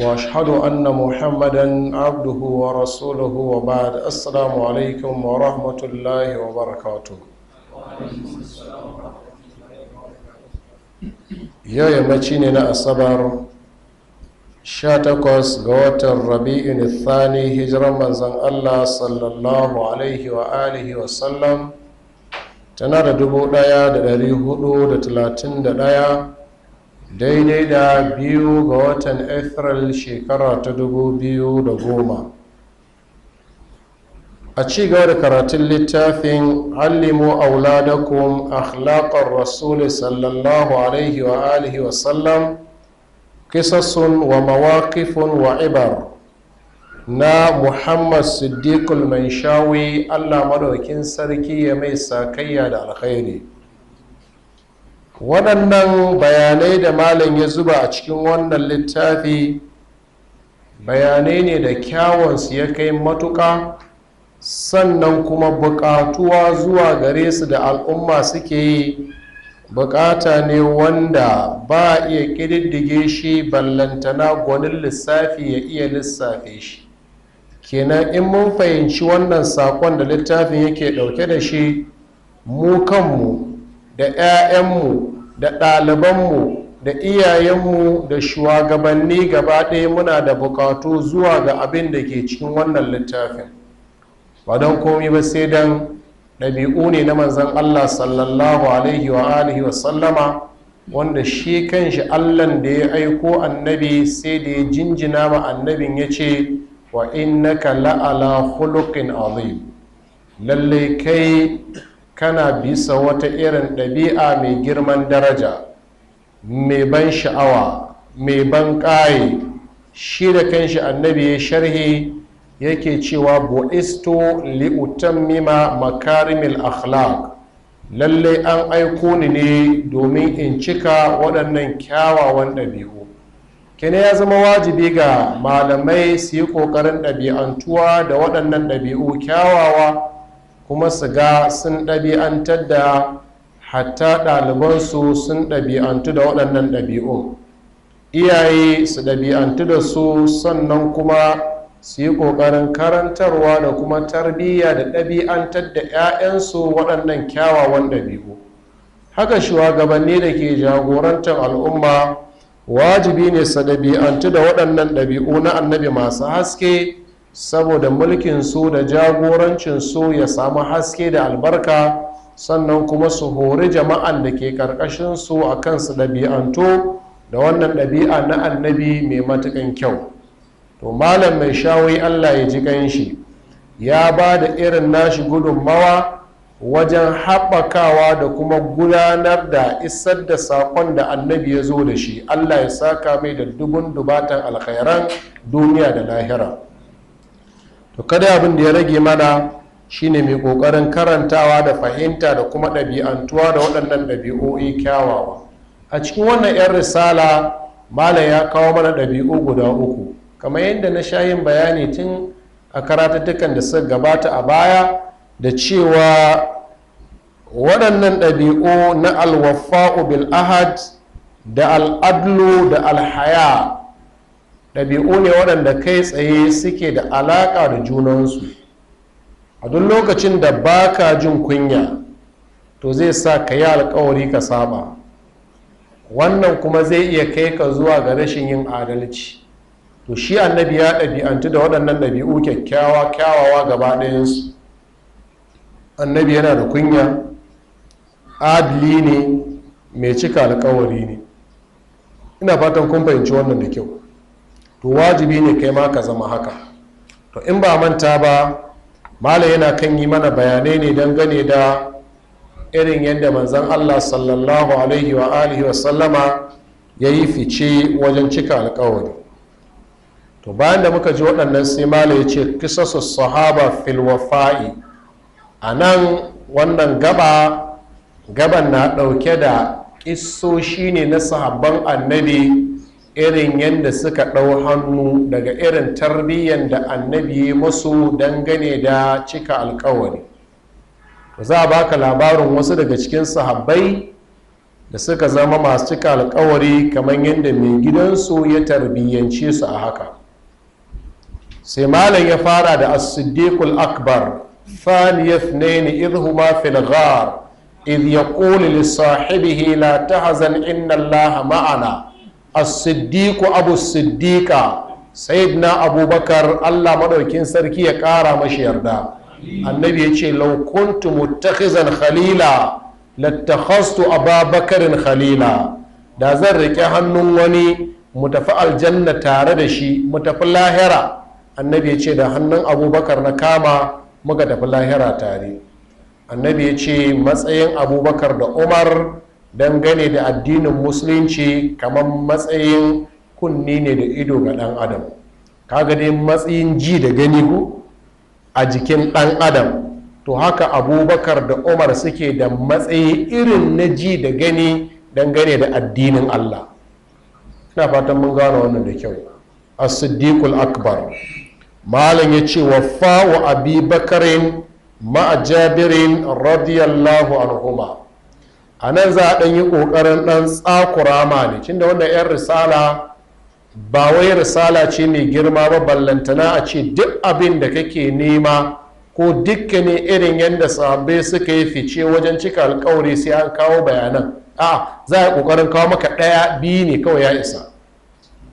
واشهد ان محمدا عبده ورسوله وبعد السلام عليكم ورحمه الله وبركاته yau yammaci ne na asabar Sha takwas ga watan rabi'in thani hijiran manzan allah sallallahu alaihi wa alihi wasallam tana da da talatin ɗaya. daidai da biyu ga watan Afril shekara ta dubu biyu da goma a cigaba da karatun littafin hallimu auladakum akhlaqar rasuli sallallahu alaihi wa alihi wa sallam kisassun wa mawaqifun wa ibar na muhammad siddiqul shawi allah madaukin sarki ya mai sakayya da alkhairi waɗannan bayanai da malam ya zuba a cikin wannan littafi bayanai ne da kyawunsu ya kai matuƙa sannan kuma buƙatuwa zuwa gare su da al'umma suke yi buƙata ne wanda ba a iya ƙididdige shi ballantana gwanin lissafi ya iya lissafe shi kenan in mun fahimci wannan saƙon da littafin yake ɗauke da shi mu kanmu da 'ya'yanmu da ɗalibanmu da iyayenmu da shugabanni gaba ɗaya muna da bukatu zuwa ga abin da ke cikin wannan littafin ba don komi ba sai don ɗabi'u ne na manzan allah sallallahu alaihi wa alihi wa sallama wanda shi kan shi allan da ya aiko annabi sai da ya jinjina ma annabin ya ce wa innaka la'ala hulukin azim lallai kai kana bisa wata irin ɗabi'a mai girman daraja mai ban sha'awa mai ban ƙaye shi da kanshi annabi ya sharhi yake cewa li'utan mima makarimil akhlaq lallai an aiko ni ne domin in cika waɗannan kyawawan ɗabi'u kene ya zama wajibi ga malamai su yi ƙoƙarin ɗabi'antuwa da waɗannan ɗabi'u kyawawa kuma su ga sun ɗabi'antar da hatta ɗalibansu sun ɗabi'antu da waɗannan ɗabi'un iyaye su ɗabi'antu da su sannan kuma su yi ƙoƙarin karantarwa da kuma tarbiyya da ɗabi'antar da 'ya'yansu waɗannan kyawawan ɗabi'u haka shugabanni da ke jagorantar al'umma wajibi ne su ɗabi'antu da waɗannan ɗabi'u na annabi masu haske saboda mulkin su da jagorancin su ya samu haske da albarka sannan kuma su hori jama'an da ke karkashin su a kansu ɗabi'antu da wannan ɗabi'a na annabi mai matukan kyau to malam mai shawai allah ya ji shi. ya ba da irin nashi gudunmawa wajen haɓakawa da kuma gudanar da isar da saƙon da annabi ya zo da shi allah ya saka mai da dubun dubatan alkhairan duniya da lahira to kada abin da ya rage mana shine mai kokarin karantawa da fahimta da kuma ɗabi'antuwa da waɗannan ɗabi'o'i kyawawa a cikin wannan 'yan risala malam ya kawo mana ɗabi'u guda uku kamar yadda na sha yin bayani tun a karatattukan da suka gabata a baya da cewa waɗannan ɗabi'u na alwafa'u bil ahad da al'adlu da alhaya ɗabi'u ne waɗanda kai tsaye suke da alaƙa da junansu a duk lokacin da ba ka jin kunya to zai sa ka yi alkawari ka saba wannan kuma zai iya kai ka zuwa ga rashin yin adalci to shi annabi ya ɗabi'antu da waɗannan ɗabi'u kyakkyawa kyawawa gaba ɗayansu annabi yana da kunya adli ne mai cika alkawari ne ina fatan kun fahimci wannan da kyau to wajibi ne kai ma ka zama haka to in ba manta ba mala yana kan yi mana bayanai ne don dangane da irin yadda manzan allah sallallahu alaihi wa alihi wa sallama ya yi fice wajen cika alkawari to bayan da muka ji waɗannan sai mala ya ce kisasu sahaba filwafa'i a nan wannan gaba gaban na ɗauke da ƙisoshi ne na sahabban annabi irin yadda suka ɗau hannu daga irin tarbiyyar da annabi ya masu dangane da cika alkawari za a baka labarin wasu daga cikin sahabbai da suka zama masu cika alkawari kamar yadda mai gidansu ya tarbiyyance su a haka sai malam ya fara da as-siddiqul akbar ثاني اثنين إذ هما في الغار إذ li لصاحبه ta تحزن inna Allah ma'ana. as-siddiqu abu siddiqa sayyidina abubakar allah maɗaukin sarki ya ƙara mashi yarda annabi yace ce laukuntu muttakhizan khalila lattakhastu ababakarin khalila da zan riƙe hannun wani mu tafi aljanna tare da shi mu tafi lahira annabi yace ce da hannun abubakar na kama muka tafi lahira tare annabi yace ce matsayin abubakar da umar dangane da addinin musulunci kamar matsayin kunni ne da ido ga ɗan adam kaga dai matsayin ji da gani ku a jikin ɗan adam to haka abubakar da umar suke da matsayi irin na ji da gani dangane da addinin allah ina fatan mun gano wannan da kyau as-siddiqul akbar malam ya ce wa fa'u abi bakarin ma'a jabirin radiyallahu anhuma a nan za a ɗan yi ƙoƙarin ɗan tsakura ma ne cinda wannan 'yan risala ba wai risala ce mai girma ba ballantana a ce duk abin da kake nema ko dukkanin irin yadda sahabbai suka yi fice wajen cika alkawari sai an kawo bayanan a za a yi ƙoƙarin kawo maka ɗaya biyu ne kawai ya isa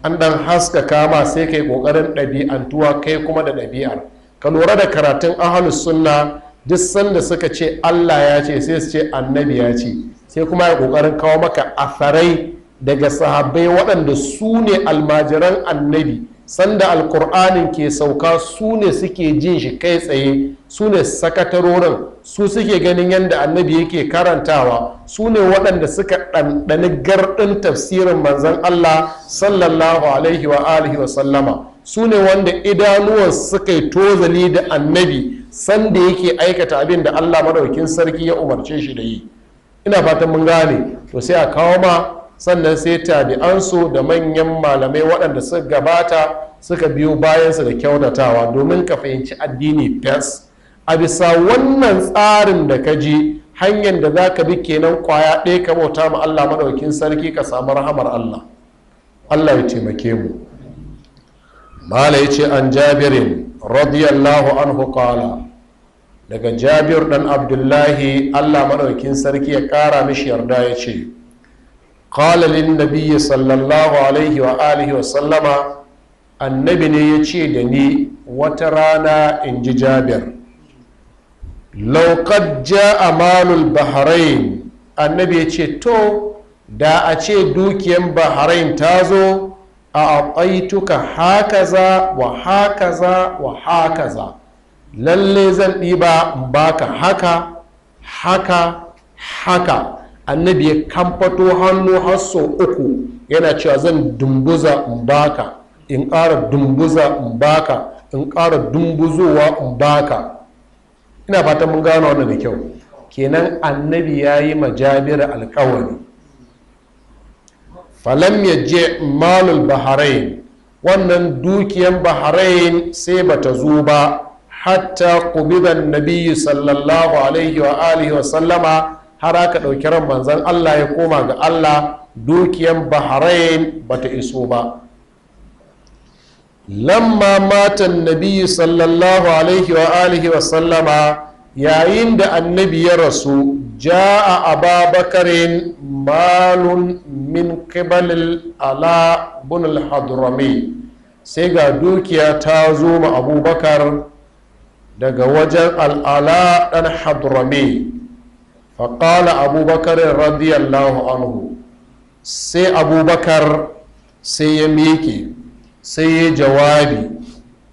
an ɗan haska kama sai kai ƙoƙarin ɗabi'antuwa kai kuma da ɗabi'ar ka lura da karatun ahalus sunna duk sanda suka ce allah ya ce sai su ce annabi ya ce sai kuma ya kokarin kawo maka asarai daga sahabai waɗanda su ne almajiran annabi sanda alkur'anin ke sauka su ne suke jin shi kai tsaye su ne sakatarorin su suke ganin yadda annabi yake karantawa su ne waɗanda suka ɗanɗani garɗin tafsirin manzan allah sallallahu alaihi wa alihi wa su ne wanda idanuwan suka yi tozali da annabi sanda yake aikata abin da allah maɗaukin sarki ya umarce shi da yi ina fatan mun gane to sai a kawo ma sannan sai tabi'ansu da manyan malamai waɗanda suka gabata suka biyo bayansu da kyautatawa domin ka fahimci addini fes a bisa wannan tsarin da ka ji hanyar da za ka bi kenan kwaya ɗaya ka bauta ma allah maɗaukin sarki ka samu rahamar allah allah ya taimake mu mala ya ce an jabirin radiyallahu anhu qala daga jabir dan abdullahi allah maɗaukin sarki ya ƙara mishi yarda ya ce ƙalalin Nabiya sallallahu alaihi wa alihi wa sallama annabi ne ya ce da ni wata rana in ji jabir laukar ja amalul bahrain annabi ya ce to da a ce dukiyan bahrain ta zo a aƙaituka hakaza wa hakaza wa hakaza lalle zan ɗiba baka haka haka haka annabi ya kamfato hannu har sau uku yana cewa zan dumbuza baka in ƙara dumbuza baka in ƙara dumbuzowa baka ina fatan mun gano wannan da kyau kenan annabi ya yi majabir alkawari falam ya je malul bahrain wannan dukiyan bahrain sai bata zo ba hatta qubidan nabiyyu sallallahu alaihi wa alihi wa sallama har aka ɗauki ran manzan Allah ya koma ga Allah dukiyan Bahrain bata iso ba lamma matan nabiyyu sallallahu alaihi wa alihi wa sallama yayin da annabi ya rasu ja'a ababakarin malun min qibalil ala bunul hadrami sai ga dukiya ta zo ma abubakar daga wajen al'ala ɗan hadrami faƙala abubakar radiyallahu anhu sai abubakar sai ya miƙe sai ya jawabi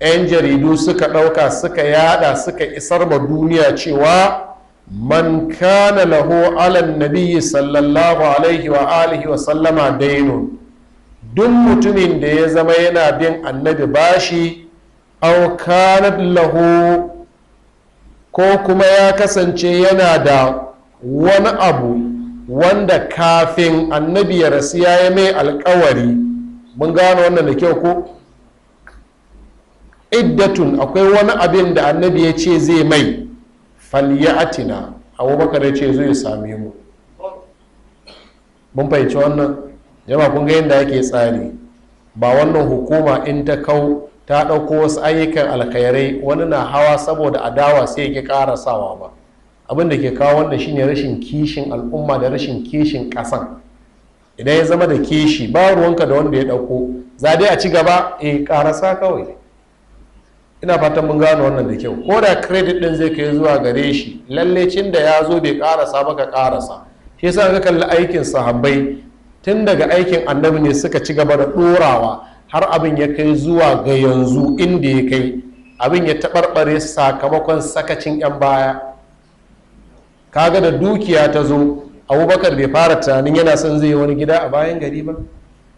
'yan jaridu suka ɗauka suka yada suka isar ma duniya cewa man kana lahu alan nabiyyi sallallahu alaihi wa alihi wa sallama dainun duk mutumin da ya zama yana bin annabi bashi au kanat lahu ko kuma ya kasance yana da wani abu wanda kafin annabi ya rasu ya yi mai alkawari mun gano wannan da kyau ko iddatun akwai wani abin da annabi ya ce zai mai falyatina abubakar ya ce zai same mu mun fahimci wannan jama kun ga yadda ake tsari ba wannan hukuma in ta kau ta ɗauko wasu ayyukan alkhairai wani na hawa saboda adawa sai yake ƙarasawa ba abin da ke kawo wannan shine rashin kishin al'umma da rashin kishin ƙasan idan ya zama da kishi ba ruwanka da wanda ya ɗauko za dai a ci gaba e ƙarasa kawai ina fatan mun gano wannan da kyau ko da credit ɗin zai kai zuwa gare shi lalle cin da ya zo bai ƙarasa ba ka ƙarasa shi yasa ka kalli aikin sahabbai tun daga aikin annabi ne suka ci gaba da ɗorawa har abin ya kai zuwa ga yanzu inda ya kai abin ya taɓarɓare sakamakon sakacin 'yan baya kaga da dukiya ta zo abubakar bai fara tunanin yana son zai wani gida a bayan gari ba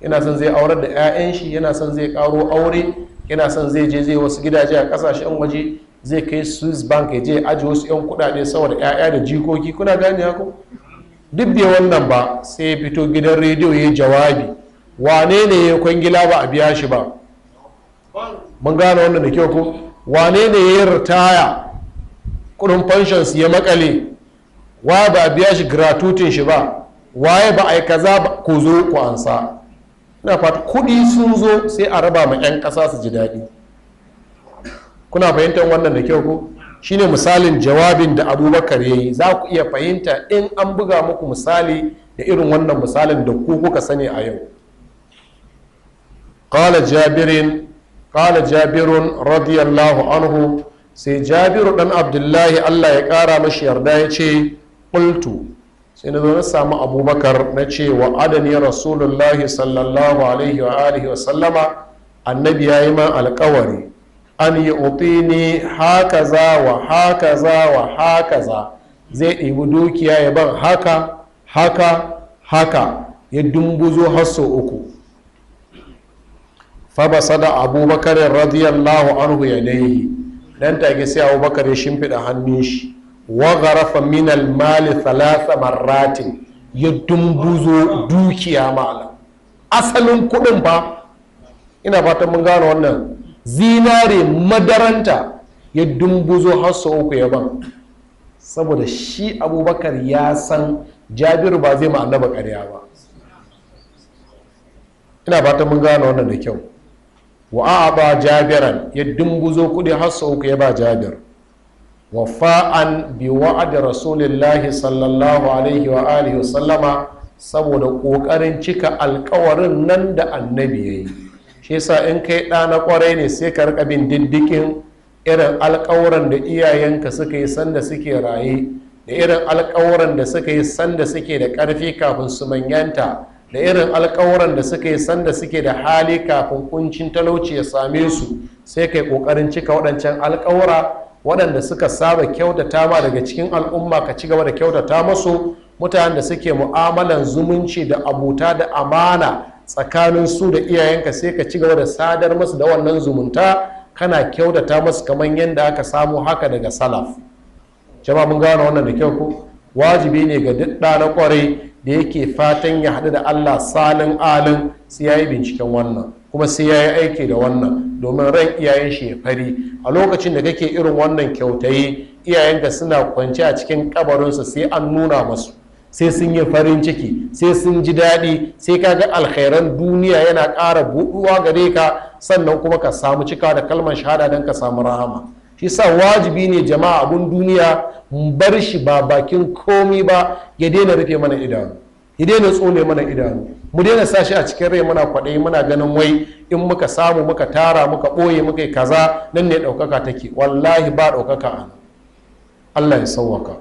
yana son zai aurar da 'ya'yan shi yana son zai karo aure yana son zai je zai wasu gidaje a kasashen waje zai kai swiss bank ya je ya aji wasu 'yan kuɗaɗe saboda 'ya'ya da jikoki kuna gane ko duk bai wannan ba sai ya fito gidan rediyo ya jawabi wane ne ya kwangila ba a biya shi ba mun gane wannan da kyau ko wane ne ya ritaya kudin pensions ya makale Waye ba a biya shi gratutin shi ba waye ba a yi kaza ba ku zo ku ansa ina fata kudi sun zo sai a raba ma 'yan kasa su ji daɗi kuna fahimtar wannan da kyau ko shine misalin jawabin da abubakar ya yi za ku iya fahimta in an buga muku misali da irin wannan misalin da ku kuka sani a yau qala jabirin jabirun radiyallahu anhu sai jabiru dan abdullahi allah ya kara mashi yarda ya ce qultu sai na zo na samu abubakar na cewa wa adani sallallahu alaihi wa alihi wa sallama annabi ya yi man alkawari an yi utini haka za wa haka za wa haka za zai ɗibi dukiya ya ban haka haka haka ya dumbuzo har sau uku da abubakar radiyallahu anhu ya don dan take sai abubakar ya shimfiɗa hannun shi wa garafa min mali thalatha Maratin ya dumbuzo dukiya ma'ala asalin kuɗin fa ina fatan mun gano wannan zinare madaranta ya dumbuzo har sau uku ya ban saboda shi abubakar ya san jabiru ba zai ma annaba karya ba ina fatan mun gano wannan da kyau wa ba jabiran ya dumbuzo kudi har sau ya ba jabir Wa fa'an bi wa'ad rasulillahi sallallahu alaihi wa alihi sallama saboda kokarin cika alkawarin nan da annabi yi shi yasa in kai ɗa na kwarai ne sai ka rika bin diddikin irin alkawuran da iyayenka suka yi sanda suke raye da irin alkawuran da suka yi sanda suke da ƙarfi kafin su manyanta da irin alkawuran da suka yi sanda suke da hali kafin kuncin talauci ya same su sai kai kokarin cika waɗancan alkawura waɗanda suka saba kyautata ma daga cikin al'umma ka ci gaba da kyautata masu mutanen da suke mu'amalan zumunci da abuta da amana tsakanin su da iyayenka sai ka ci gaba da sadar masu da wannan zumunta kana kyautata masu kamar yadda aka samu haka daga salaf jama mun gane wannan da kyau ko wajibi ne ga duk ɗa na kwarai da yake fatan ya haɗu da allah salin alin sai ya yi binciken wannan kuma sai ya yi aiki da wannan domin ran iyayen shi ya fari a lokacin da kake irin wannan kyautayi iyayenka suna kwance a cikin kabarinsu sai an nuna masu sai sun yi farin ciki sai sun ji daɗi sai ka ga alkhairan duniya yana ƙara buɗuwa gare ka sannan kuma ka samu cika da kalmar shahada don ka samu rahama shi sa wajibi ne jama'a abun duniya bar shi ba bakin komi ba ya daina rufe mana idanu ya daina tsone mana idanu mu daina sa shi a cikin rai muna kwaɗayi muna ganin wai in muka samu muka tara muka ɓoye muka yi kaza nan ne ɗaukaka take wallahi ba ɗaukaka a allah ya sauwaka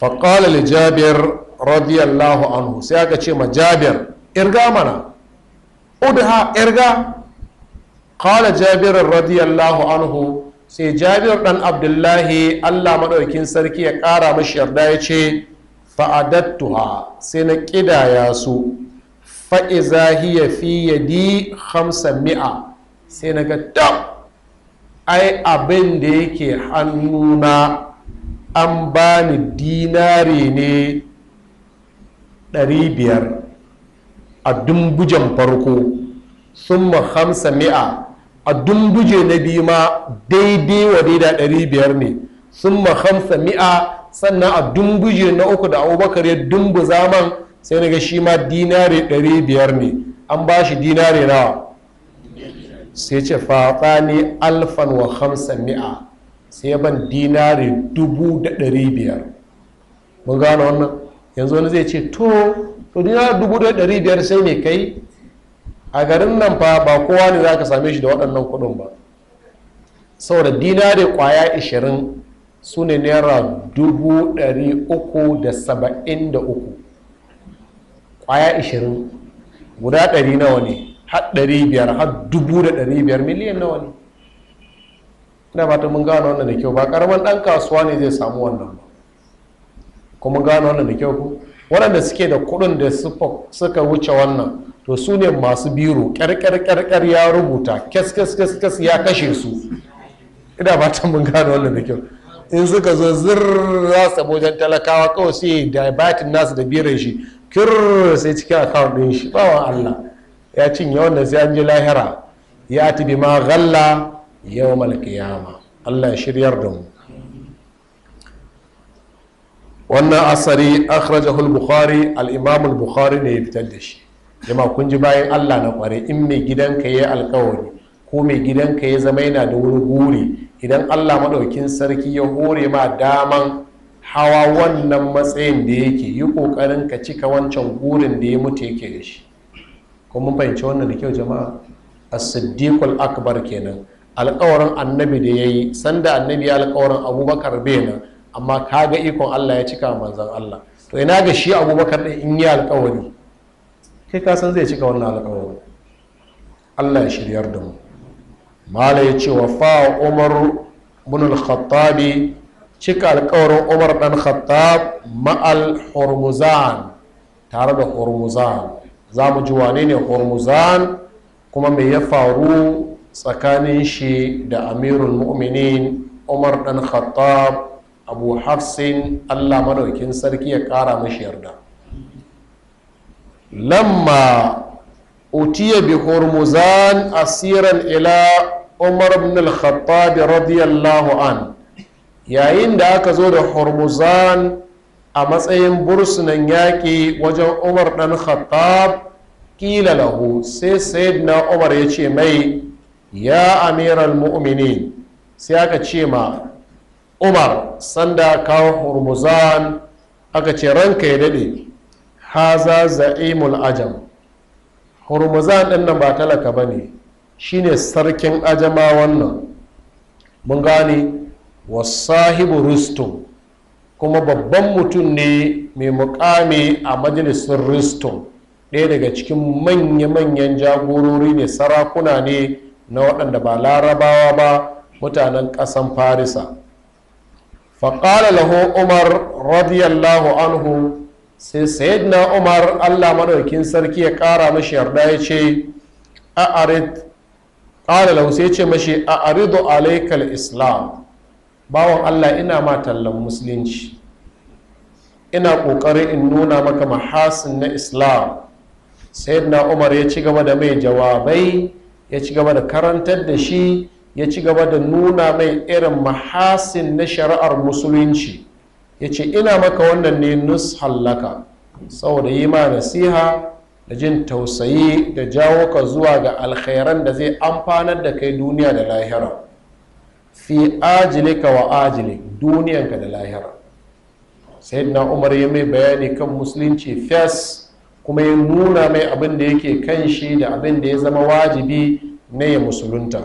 faƙala li jabir radiyallahu anhu sai aka ce ma jabir irga mana udha irga qala jabir radiyallahu anhu sai jabir dan abdullahi Allah maɗaukin sarki ya ƙara mashi yarda ya ce fa'adattuha sai na ƙidaya su fa'iza ya fi di khamsa mi'a sai na ga ɗan ai abin da yake hannuna an bani dinari ne 500 a dumbujan farko summa hamsa mi'a a dumbuje na biyu ma daidai wa daida ɗari biyar ne sun ma hamsa mi'a sannan a dumbuje na uku da abubakar ya dumbu zaman sai na ga shi ma dinare ɗari biyar ne an ba shi dinare nawa sai ce fata ne alfan wa hamsa mi'a sai ban dinare dubu da ɗari biyar mun gano wannan yanzu wani zai ce to to dinare dubu da ɗari biyar sai ne kai a garin nan fa ba kowa ne za ka same shi da waɗannan kuɗin ba saboda dinare ƙwaya 20 su ne naira 373 ƙwaya 20 guda 100 nawa ne har 500 har 500 miliyan nawa ne ina fata mun gano wannan da kyau ba karamin ɗan kasuwa ne zai samu wannan ba kuma gano wannan da kyau ku waɗanda suke da kuɗin da suka wuce wannan to su ne masu biro ƙyarƙyarƙyar ya rubuta kes ya kashe su ina fatan mun gano wannan da kyau in suka zo zirra su talakawa kawai sai da batin nasu da biran shi kir sai cikin akawun ɗin shi bawan allah ya cinye wanda sai an ji lahira ya tibi ma galla yau malkiyama allah ya shiryar da mu wannan asari akhrajahu al-bukhari al-imam al-bukhari ne ya fitar da shi jama kun ji bayan allah na kware in mai gidanka ya yi alkawari ko mai gidanka ya zama yana da wani guri idan allah maɗaukin sarki ya hore ma daman hawa wannan matsayin da yake yi ƙoƙarin ka cika wancan gurin da ya mutu yake da shi ko mun fahimci wannan da kyau jama'a a siddiqul akbar kenan alkawarin annabi da ya yi sanda annabi ya alkawarin abubakar bai nan amma ga ikon allah ya cika manzan allah to ina ga shi abubakar ɗin in yi alkawari kai ka san zai cika wannan alƙawarin Allah ya shiryar da mu mala ya ce wa fa umar bin khattabi cika alƙawarin umar dan khattab ma'al hormuzan tare da hormuzan za mu ji wane ne hormuzan kuma me ya faru tsakanin shi da amirul mu'minin umar dan khattab abu hafsin allah madaukin sarki ya kara mashi yarda lamma utiya bi hormuzan asiran ila umar ibn al-khattab radiyallahu an yayin da aka zo da hormuzan a matsayin bursunan yaƙi wajen umar ɗan khattab ƙila lahu sai sayyidina umar ya ce mai ya amiral mu'mini sai aka ce ma umar sanda kawo hormuzan aka ce ranka ya daɗe haza za'imul ajam hurmuzan ɗin nan ba talaka bane, shine sarkin ajama wannan mun gane wasahibu rustum kuma babban mutum ne mai mukami a majalisar rustum ɗaya daga cikin manya-manyan jagorori ne sarakuna ne na waɗanda ba larabawa ba mutanen ƙasan farisa faƙala lahu umar radiyallahu anhu sai na umar allah madaukin sarki ya kara mashi yarda ya ce a arid kara ce mashi a aridu alaikal islam bawan allah ina ma tallan musulunci ina ƙoƙarin in nuna maka mahasin na islam na umar ya ci gaba da mai jawabai ya ci gaba da karantar da shi ya ci gaba da nuna mai irin mahasin na shari'ar musulunci ya ce ina maka wannan ne nus nushallaka saboda yi ma nasiha da jin tausayi da jawo ka zuwa ga alkhairan da zai amfanar da kai duniya da lahira fi ajilika wa ajili duniyanka da lahira na umar ya mai bayani kan musulunci fes kuma ya nuna mai abin da yake kan shi da abin da ya zama wajibi na ya musulunta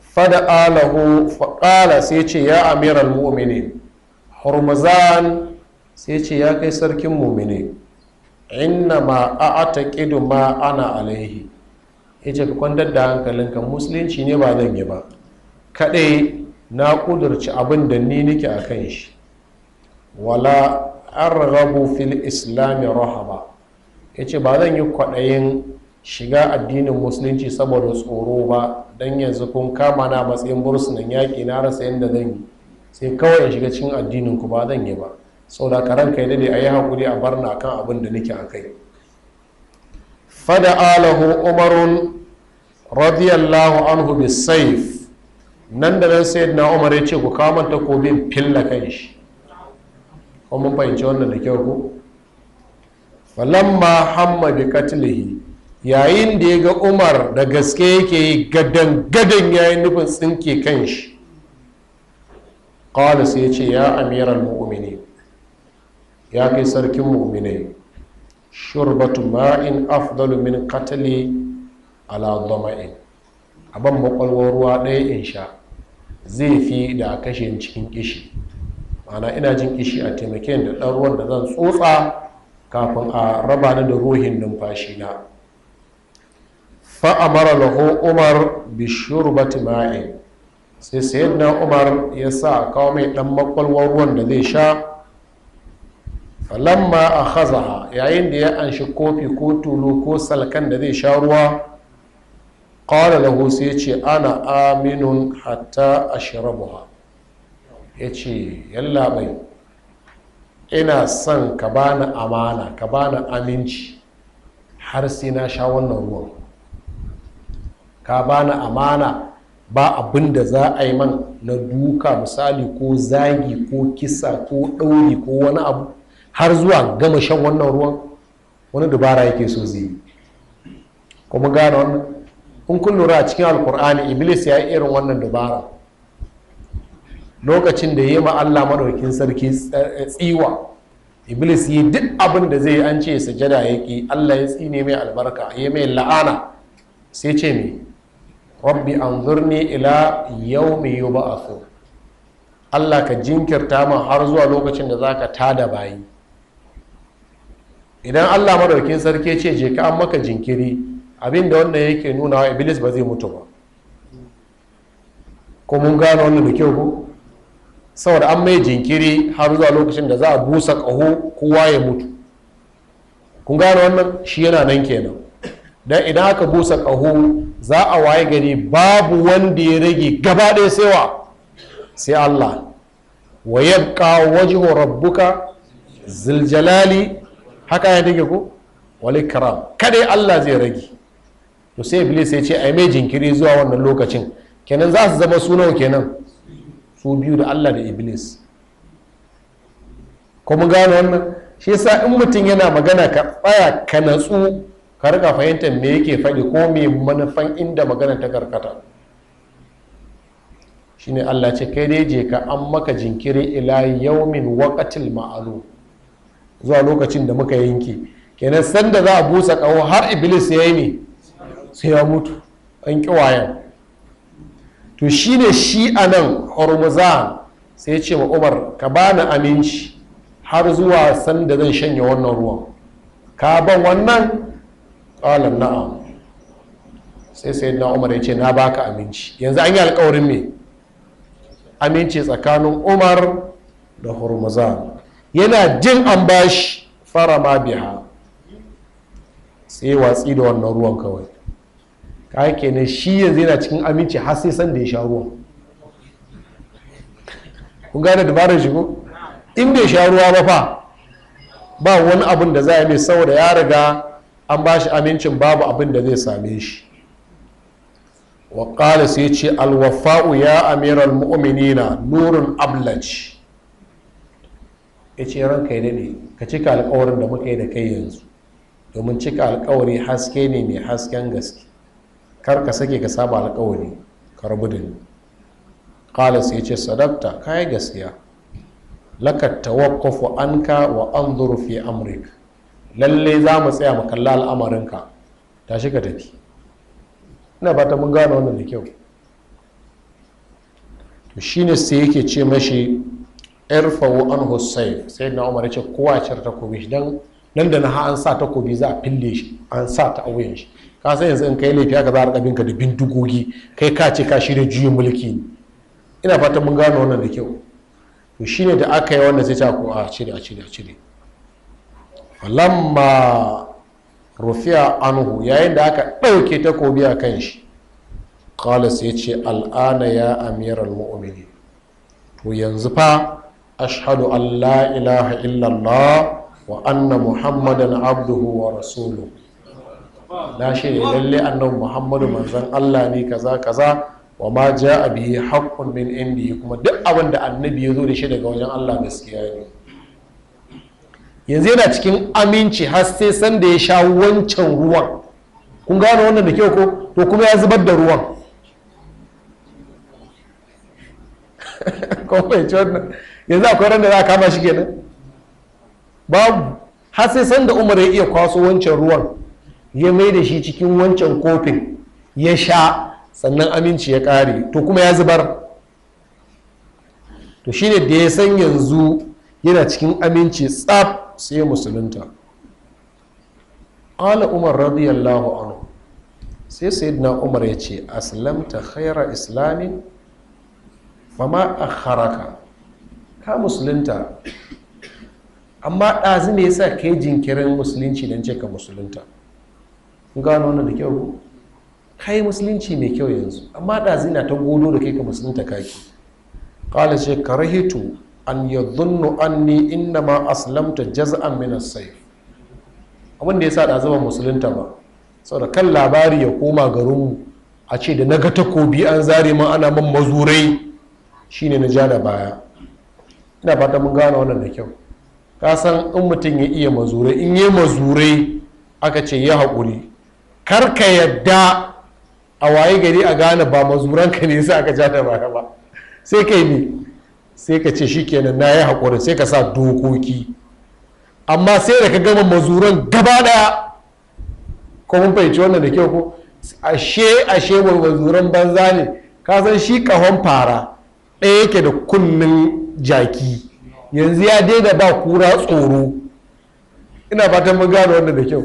fada alahu faƙala sai ce ya amiral mu'minin hormuzan sai ce ya kai sarkin mumine inna ma a ta ma ana alaihi ya ce ka kwantar da hankalinka musulunci ne ba zan yi ba kaɗai na ƙudurci abin da ni nike a kan shi wala an ragabu fil islami rahaba ya ce ba zan yi kwaɗayin shiga addinin musulunci saboda tsoro ba don yanzu kun kama na matsayin bursunan yaƙi na rasa yadda zan yi sai kawai in shiga cikin addinin ku ba zan yi ba da karan kai dade yi hakuri a barna kan abin da nake kai fada alahu umarun radiyallahu anhu saif nan da nan sayyidina umar ya ce ku kawo manta takobin filla kan shi kuma mun fahimci wannan da kyau ko falamma hamma bi katlihi yayin da ya ga umar da gaske yake yi gadan gadan yayin nufin tsinke kan shi qala sai ce ya amiral mu'mini ya kai sarkin mu'minai shurbatu ma'in afdalu min qatli ala dhama'in aban makwalwar ruwa ɗaya in sha zai fi da kashe cikin kishi ma'ana ina jin kishi a taimakon da ɗan ruwan da zan tsotsa kafin a raba ni da ruhin numfashi na fa'amara lahu umar bishurbat ma'in sai sayan umar ya sa kawo mai dan makwalwar ruwan da zai sha falamma a hazaha yayin da ya anshi kofi ko tulu ko salkan da zai sha ruwa da lahu sai ce ana aminun hatta shirabuwa ya ce yallaɓai ina son ka bani amana ka bani aminci har sai na sha wannan ruwan ka bani amana ba abin da za a yi man na duka misali ko zagi ko kisa ko ɗauri ko wani abu har zuwa gama shan wannan ruwan wani dubara yake so zai yi kuma gane wannan in kun lura a cikin alkur'ani iblis ya yi irin wannan dubara lokacin da ya yi ma allah maɗaukin sarki eh, tsiwa iblis yi duk abin da zai an ce sajada ya ki allah ya tsine mai albarka ya mai la'ana sai ce mai rabbi anzurni ila yawmi yub'athun Allah ka jinkirta ma har zuwa lokacin da zaka tada bayi idan Allah madaukin sarki ce je ka an maka jinkiri abinda wannan yake nuna wa iblis ba zai mutu ba ko mun gano wannan da kyau ko saboda an mai jinkiri har zuwa lokacin da za a busa ƙaho kowa ya mutu kun gano wannan shi yana nan kenan dan idan aka busa ƙaho za a waye gari babu wanda ya rage gaba ɗaya sai wa sai Allah wa yabqa wajhu rabbuka ziljalali haka ya take ko wal ikram kada Allah zai rage to sai iblis ya ce ai mai jinkiri zuwa wannan lokacin kenan za su zama su kenan su biyu da Allah da iblis ko gano wannan shi yasa in mutum yana magana ka tsaya ka natsu ka fahimta fahimtar me yake faɗi ko me manufan inda magana ta karkata shine Allah ce kai dai je ka an maka jinkiri ila yaumin waqatil ma'alu zuwa lokacin da muka yanki. kenan sanda za a busa kawo har iblis ya yi ne sai ya mutu an wayan to ne shi nan hormuzan sai ce ma umar ka bani aminci har zuwa sanda zan shanya wannan ruwan ka ban wannan qala na'am sai na umar ya ce na baka aminci yanzu an yi alkawarin me aminci tsakanin umar da hurmuza yana jin an bashi farama biha sai watsi da wannan ruwan kawai ka ne shi yanzu yana cikin aminci har sai san ya sha ruwan kun gane dabarar shigo in bai sha ruwa ba fa ba wani abun da za a yi mai saboda ya riga an ba shi amincin babu abin da zai same shi waƙala sai ce alwafa'u ya amiral mu'minina nurin ablaj ya ce ran kai ne ka cika alkawarin da muka yi da kai yanzu domin cika alkawari haske ne mai hasken gaske kar ka sake ka saba alkawari ka rabu da ni ƙala sai ce sadakta kayi gaskiya laka an anka wa an fi amrika lalle za mu tsaya mu kalla al'amarinka ta shiga tafi ina fata mun gane wannan da kyau to shine sai yake ce mashi irfawo an hussein sai na umar ce kowa cire takobi shi dan nan da na ha an sa takobi za a fille shi an sa ta a shi ka san yanzu in kai laifi aka za a rika da bindigogi kai ka ce ka shirya juyin mulki ina fatan mun gane wannan da kyau to shine da aka yi wannan sai ta ko a cire a cire a cire falamma rufiya anhu yayin da aka ɗauke takobi a kan shi kala sai ce al'ana ya amiral mu'mini to yanzu fa ashhadu an la ilaha illallah wa anna muhammadan abduhu wa rasuluhu na shi ne lalle annan muhammadu manzan allah ne kaza kaza wa ma ja a biyu min indi kuma duk abin da annabi ya zo da shi daga wajen allah gaskiya ne yanzu yana cikin aminci har sai sanda ya sha wancan ruwan kun gane wannan da kyau ko to kuma ya zubar da ruwan yanzu akwai ran da za a kama shi kenan babu har sai sanda umar ya iya kwaso wancan ruwan ya mai da shi cikin wancan kofin ya sha sannan aminci ya kare to kuma ya zubar to shine da ya san yanzu yana cikin aminci tsaf sai musulunta ƙala umar radiyallahu anhu sai na umar ya ce aslamta khaira islamin ma a haraka ka musulunta amma ɗazi me yasa ke jinkirin musulunci don ce ka musulunta gano wannan da kyau ka yi musulunci mai kyau yanzu amma ɗazi na ta godo da kai ka musulunta kaki ƙala ce karahitu an an ni inna ma aslamta jaz'an min as-sayf abin da sa da zama musulunta ba saboda kan labari ya koma garin mu a ce da na ga takobi an zare ma ana man mazurai shine na ja da baya ina fata mun gane wannan da kyau ka san in mutum ya iya mazurai in yi mazurai aka ce ya haƙuri kar ka yadda a waye gari a gane ba mazuranka ne sai aka ja da baya ba sai kai ne sai ka ce shikenan na yi haƙuri sai ka sa dokoki amma sai da ka gama mazuran gaba ɗaya ko mun fahimci wannan da kyau ko ashe ashe mazuran banza ne ka san shi kahon fara ɗaya yake da kunnin jaki yanzu ya daina ba kura tsoro ina fatan mun gane wannan da kyau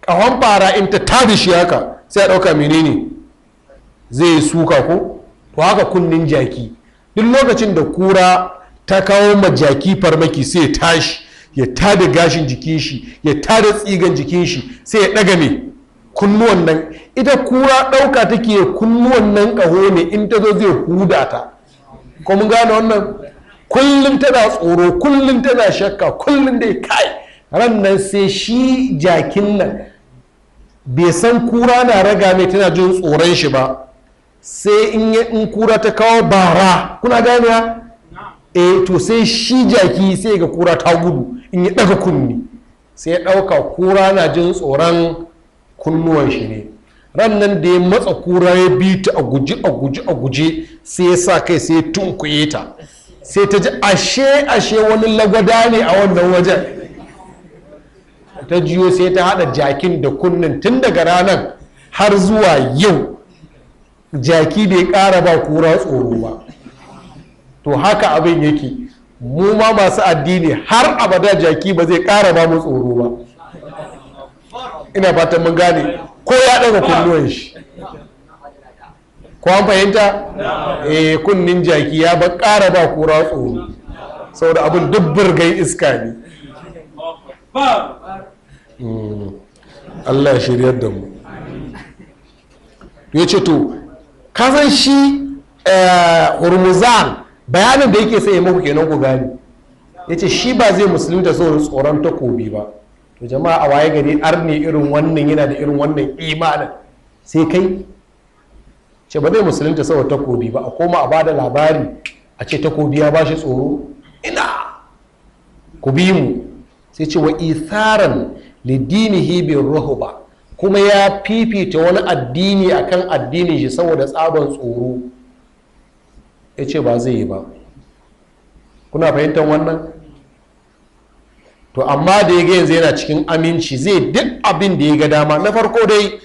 kahon fara in ta tada shi haka sai a ɗauka menene zai suka ko to haka kunnin jaki duk lokacin da kura ta kawo majaki farmaki sai ya tashi ya tada gashin jikin shi ya tada tsigan jikin shi sai ya daga ne kunnuwan nan ita kura dauka take kunnuwan nan kaho ne in ta zo zai huda ta ko mun gane wannan kullum tana tsoro kullum tana shakka kullum dai kai ran nan sai shi jakin nan bai san kura na raga mai tana jin tsoron shi ba sai in yi in kura ta kawo bara kuna gane eh to sai shi jaki sai ga kura ta gudu in yi daga kunni sai ya dauka kura na jin tsoron kunnuwan shi ne ran nan da ya matsa kura ya bi ta a guji a guji a guje sai ya sa kai sai tunkuye ta sai ta ji ashe ashe wani lagwada ne a wannan wajen ta jiyo sai ta hada jakin da kunnin tun daga ranar har zuwa yau jaki bai ƙara ba kura tsoro ba to haka abin yake mu ma masu addini har abada jaki ba zai ƙara ba mu tsoro ba ina fatan mun gane ko ya ɗaga kunnuwan shi ko an fahimta eh kunnin jaki ya ba ƙara ba kura tsoro saboda abin dubbar gai iska ne hmm. Allah shiryar da mu ya ce to kasan shi hurmuzan eh, bayanin da yake sai muku kenan ku gani ya ce shi ba zai musulunta saboda tsoron takobi ba to jama'a a waye gari ne irin wannan yana da irin wannan imanin sai kai ce ba zai da saboda takobi ba a koma a bada labari a ce takobi ya ba shi tsoro ina ku bi mu sai ce wa isaran lidinihi bin ba. kuma ya fifita wani addini akan addinin shi saboda tsaban tsoro ya ce ba zai yi ba kuna fahimtar wannan to amma da ya ga yanzu yana cikin aminci zai duk abin da ya ga dama na farko dai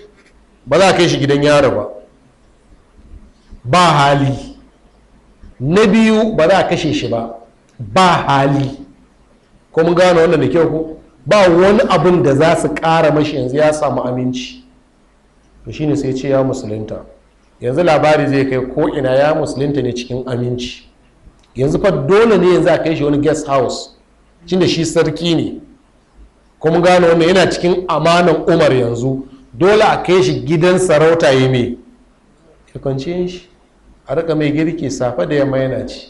ba za a kai shi gidan yaro ba ba hali na biyu ba za a kashe shi ba ba hali ko mun gano wannan da kyau ko ba wani abin da za su ƙara mashi yanzu ya samu aminci to shine sai ce ya musulunta yanzu labari zai kai ko ina ya musulunta ne cikin aminci yanzu fa dole ne yanzu a kai shi wani guest house da shi sarki ne kuma gano wannan yana cikin amanan umar yanzu dole a kai shi gidan sarauta yi me ya kwanci shi a rika mai girki safe da yamma yana ci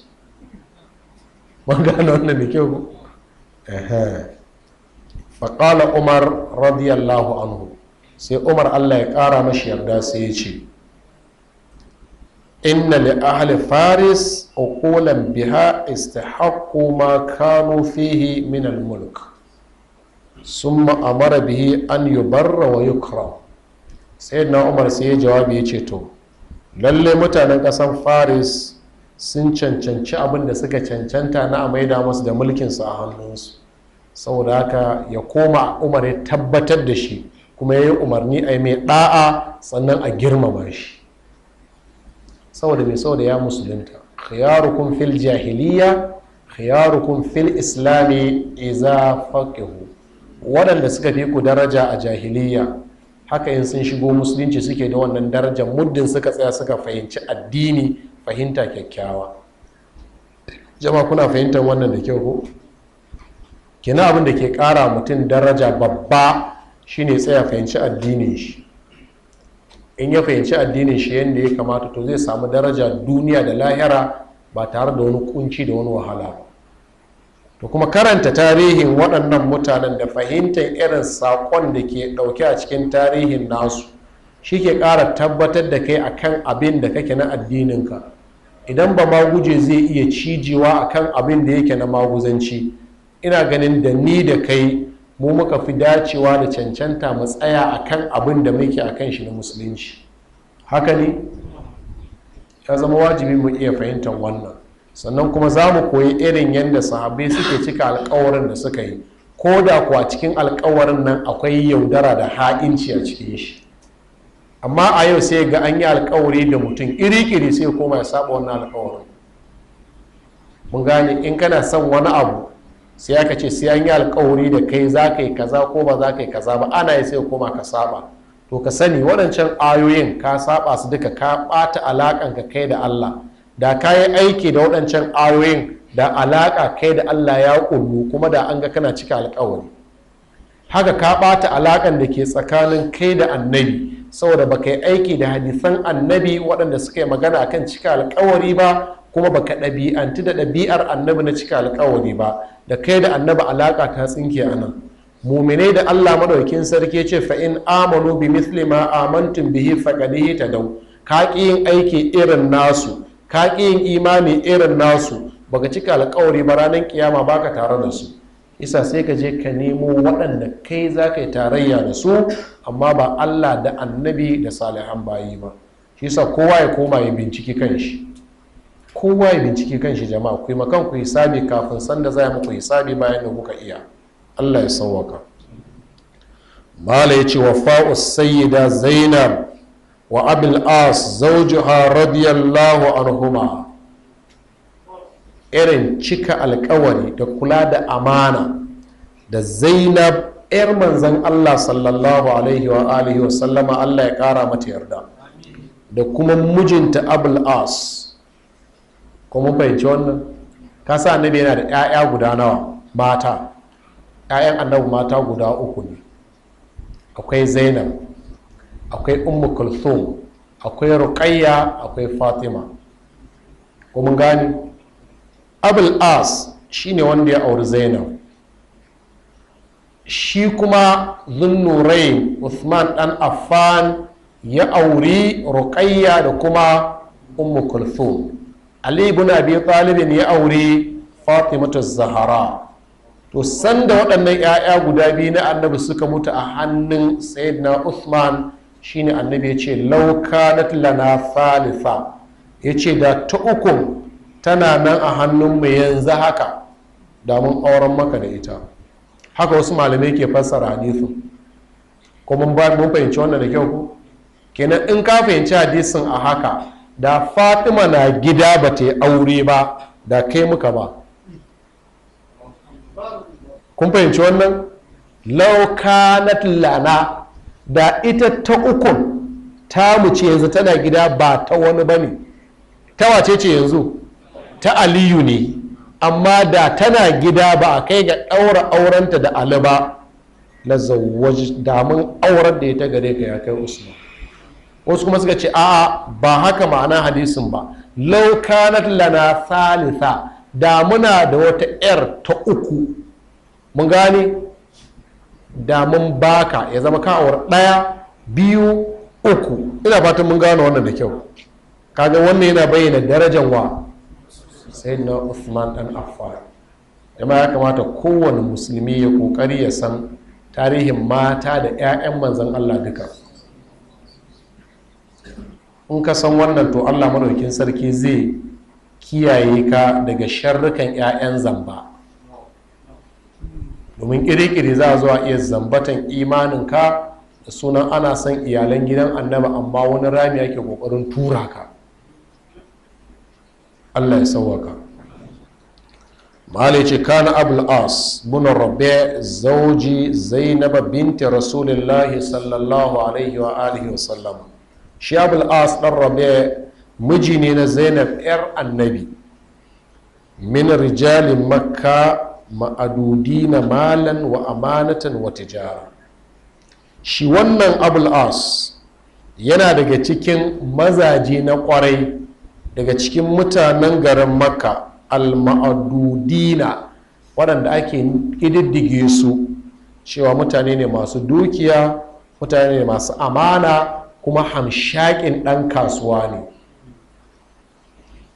mun gano wannan da kyau ko faƙala umar radiyallahu anhu sai umar allah ya ƙara mashi yarda sai ya ce inna li ahli faris uqulan biha istihaqqu ma kanu fihi min al-mulk summa amara bihi an yubarra wa yukram sayyidina umar sai ya jawabi ya ce to lallai mutanen ƙasan faris sun cancanci abin da suka cancanta na a maida musu da mulkinsu a hannunsu saboda haka ya koma umar ya tabbatar da shi kuma ya yi umarni a yi mai ɗa'a sannan a girmama shi saboda mai saboda ya musulunta khiyarukum fil jahiliya khiyarukum fil islami iza faqihu waɗanda suka fi ku daraja a jahiliya haka in sun shigo musulunci suke da wannan darajar muddin suka tsaya suka fahimci addini fahimta kyakkyawa jama kuna fahimtar wannan da kyau ko kina abin da ke kara mutum daraja babba shine tsaya fahimci addinin shi in ya fahimci addinin shi yadda ya kamata to zai samu daraja duniya da lahira ba tare da wani kunci da wani wahala ba to kuma karanta tarihin waɗannan mutanen da fahimtar irin saƙon da ke ɗauke a cikin tarihin nasu shi ke ƙara tabbatar da kai akan abin da kake na addininka idan ba maguje zai iya cijewa akan abin da yake na maguzanci ina ganin da ni da kai mu muka fi dacewa da cancanta mu tsaya a kan abin da muke kan shi na musulunci haka ne ya zama wajibi mu iya fahimtar wannan sannan kuma za mu koyi irin yadda sahabai suke cika alkawarin da suka yi ko da kuwa cikin alkawarin nan akwai yaudara da ha'inci a cikin shi amma a yau sai ga an yi alkawari da mutum iri-iri sai koma ya saba wannan alkawarin mun gane in kana son wani abu sai aka ce sai an yi alkawari da kai za ka yi kaza ko ba za ka yi kaza ba ana yi sai koma ka saba to ka sani waɗancan ayoyin ka saba su duka ka ɓata alaƙan ka kai da Allah da ka yi aiki da waɗancan ayoyin da alaƙa kai da Allah ya ƙullu kuma da an ga kana cika alkawari haka ka ɓata alaƙan da ke tsakanin kai da annabi saboda baka yi aiki da hadisan annabi waɗanda suka yi magana akan cika alkawari ba kuma ba ka ɗabi'anti da ɗabi'ar annabi na cika alƙawari ba da kai da annabi alaƙa ta tsinke a nan muminai da allah madaukin sarki ce fa in amanu bi misli ma amantum bihi faqadihi tadaw ka yin aiki irin nasu ka yin imani irin nasu baka cika alƙawari ba ranar kiyama baka tare da su isa sai ka je ka nemo waɗanda kai za ka yi tarayya da su amma ba allah da annabi da salihan bayi ba shi sa kowa ya koma ya binciki kan shi kowa ya bincike kan shi jama'a ku yi makan ku hisabi kafin sanda za muku hisabi bayan da kuka iya allah ya sauwaka mala ya ce wa fa'us sayyida zainab wa abil as zawjuha radiyallahu anhuma irin cika alkawari da kula da amana da zainab yar manzan allah sallallahu alaihi wa alihi wa sallama allah ya kara mata yarda da kuma mijinta abul as ko mun fahimci wannan ka sa annabi yana da 'ya'ya guda nawa mata 'ya'yan annabi mata guda uku ne akwai zainab akwai ummu kulthum akwai ruqayya akwai fatima ko mun abul as shine wanda ya auri zainab shi kuma zunnurain usman dan affan ya auri ruqayya da kuma ummu kulthum ali ibn abi talib ya aure fatimatu zahara to sanda waɗannan 'ya'ya guda biyu na annabi suka mutu a hannun sayyidina usman shine annabi ya ce laukanat lana falifa ya ce da ta uku tana nan a hannun mu yanzu haka da mun auren maka da ita haka wasu malamai ke fassara hadisin ko mun fahimci wannan da kyau kenan in ka fahimci hadisin a haka da fatima na gida ba ta aure ba da kai muka ba kun fahimci wannan laukanat lana da ita ta ukun ta mu yanzu tana gida ba ta wani ba ne ta wace ce yanzu ta aliyu ne amma da tana gida ba a kai ga ɗaura aurenta da ali ba na zawaji damun auren da ya ta gare ka ya kai usman wasu kuma suka ce a'a ba haka ma'ana hadisin ba law kanat lana salisa da muna da wata yar ta uku mun gane da mun baka ya zama kawar ɗaya biyu uku ina fatan mun gane wannan da kyau kaga wannan yana bayyana darajan wa sai na Usman dan Affan jama'a ya kamata kowane musulmi ya kokari ya san tarihin mata da 'ya'yan manzon Allah duka in ka san wannan to allah maɗaukin sarki zai kiyaye ka daga sharrukan 'ya'yan zamba domin ƙiri-ƙiri za a zuwa iya zambatan imaninka da sunan ana son iyalan gidan annaba amma wani rami yake ƙoƙarin tura ka allah ya sauwaka malice kana abu al'as buna rabbe zauji zainaba Binta rasulillahi sallallahu alaihi wa alihi wa sallama shiyabul as ɗan rabe miji ne na zainab yar annabi min rijalin makka ma'adudina malan wa amanatan wa tijara shi wannan abul as yana daga cikin mazaje na kwarai daga cikin mutanen garin makka alma'adudina waɗanda ake ƙididdige su cewa mutane ne masu dukiya mutane ne masu amana kuma hamshakin ɗan kasuwa ne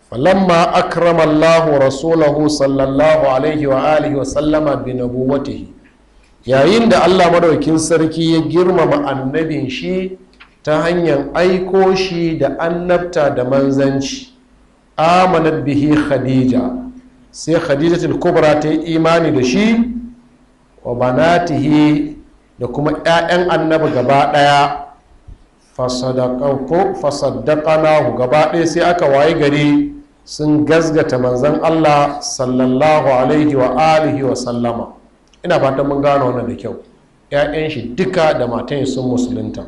falamma akrama Allahu rasulahu sallallahu alaihi wa alihi wa sallama bi nabuwatihi yayin da Allah madaukin sarki ya girmama annabin shi ta hanyar aiko shi da annabta da manzanci amanat bihi khadija sai khadijatul kubra ta yi imani da shi wa banatihi da kuma 'ya'yan annabi gaba ɗaya fasaddaqanahu gaba ɗaya sai aka waye gari sun gazgata manzan Allah sallallahu alaihi wa alihi wa sallama ina fatan mun gano wannan da kyau ‘ya'yan shi duka da matan sun musulunta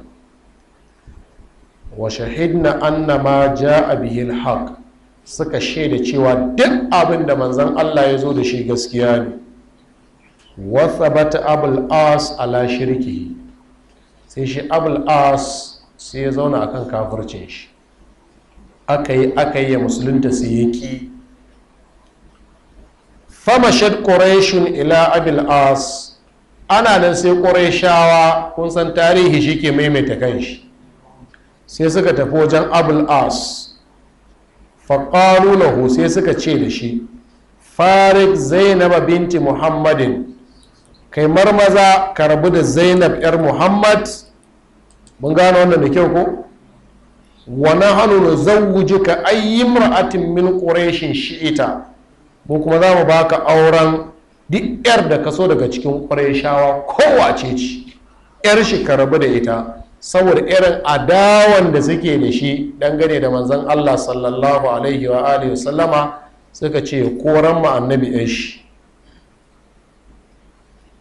wa shahidna anna ma ja'a bihil haq suka shaida cewa duk abin da manzan Allah ya zo da shi gaskiya ne wa thabata abul as ala shirki. sai shi abul as sai ya zauna akan kafircin shi aka yi aka yi ya musulunta sai ya ki famashad quraishun ila abil as ana nan sai quraishawa kun san tarihi shi ke maimaita kanshi sai suka tafi wajen abil as faƙalu lahu sai suka ce da shi Farid zainab binti muhammadin kai marmaza ka da zainab yar muhammad mun gano wannan da kyau ko wa nahnu ka ayyi imra'atin min shi ita? mu kuma za mu baka auren duk yar da kaso daga cikin qurayshawa kowace ce yar shi ka rabu da ita saboda irin adawan da suke da shi dangane da manzon Allah sallallahu alaihi wa alihi sallama suka ce koran mu annabi shi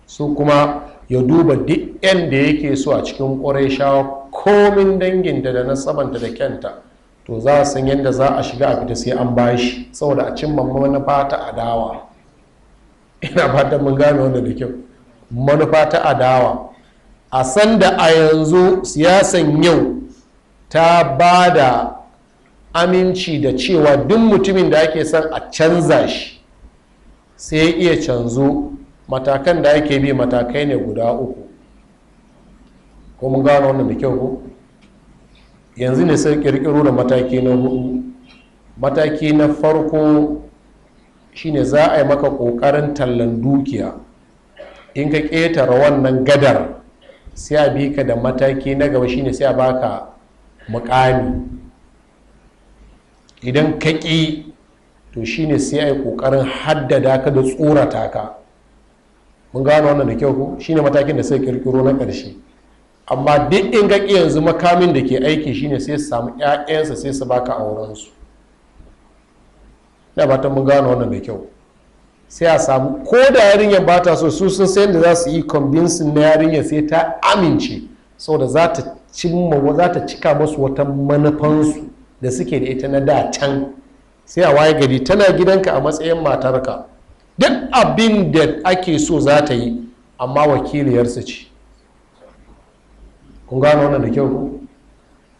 su kuma ya duba duk yan da yake so a cikin kwarai ƙwarai komin danginta da na nasabanta da kyanta to za a san yadda za a shiga a fita sai an bashi saboda a cimma manufa ta adawa ina fatan mun gane wanda da kyau manufa ta adawa a san da a yanzu siyasan yau ta ba da aminci da cewa duk mutumin da ake son a canza shi sai ya iya canzo matakan da ake bi matakai ne guda uku ko mun gano wannan da kyau ko yanzu ne sai kirkiro da mataki na hudu mataki na farko shine za a yi maka kokarin tallan dukiya in ka ƙetare wannan gadar sai a bi ka da mataki na gaba shine sai a baka mukami idan ka ƙi to shine sai a yi ƙoƙarin haddada ka da tsorata ka mun gano wannan da kyau Shi shine matakin da sai kirkiro na ƙarshe amma duk in gaƙi yanzu makamin da ke aiki shine sai su samu ƴaƴansa sai su baka aurensu ina fatan mun gano wannan da kyau sai a samu ko da yarinyar ba ta so su sun san da za su yi convincing na yarinyar sai ta amince saboda za ta cimma za ta cika masu wata manufansu da suke da ita na da can sai a waye gari tana gidanka a matsayin matarka duk abin da ake so za ta yi amma wakiliyarsa ce kun gano wannan da kyau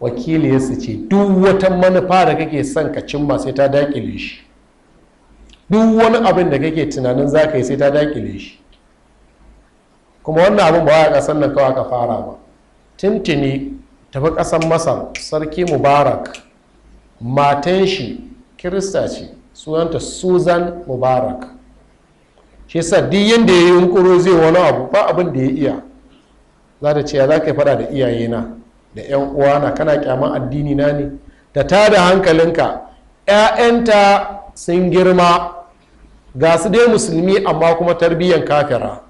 wakiliyarsa ce duk wata manufa da kake son ka cimma sai ta dakile shi duk wani abin da kake tunanin za ka yi sai ta dakile shi kuma wannan abin ba a ƙasar nan kawai ka fara ba Tuntuni tafi ƙasar masar sarki mubarak matan shi kirista ce sunanta susan mubarak shi yasa duk yanda ya yi yunkuro zai wani abu ba abin da ya iya za ta ce ya za ka fada da iyayena da 'yan uwana kana kyaman addini na ne ta da hankalinka 'ya'yanta sun girma ga su dai musulmi amma kuma tarbiyyar kafira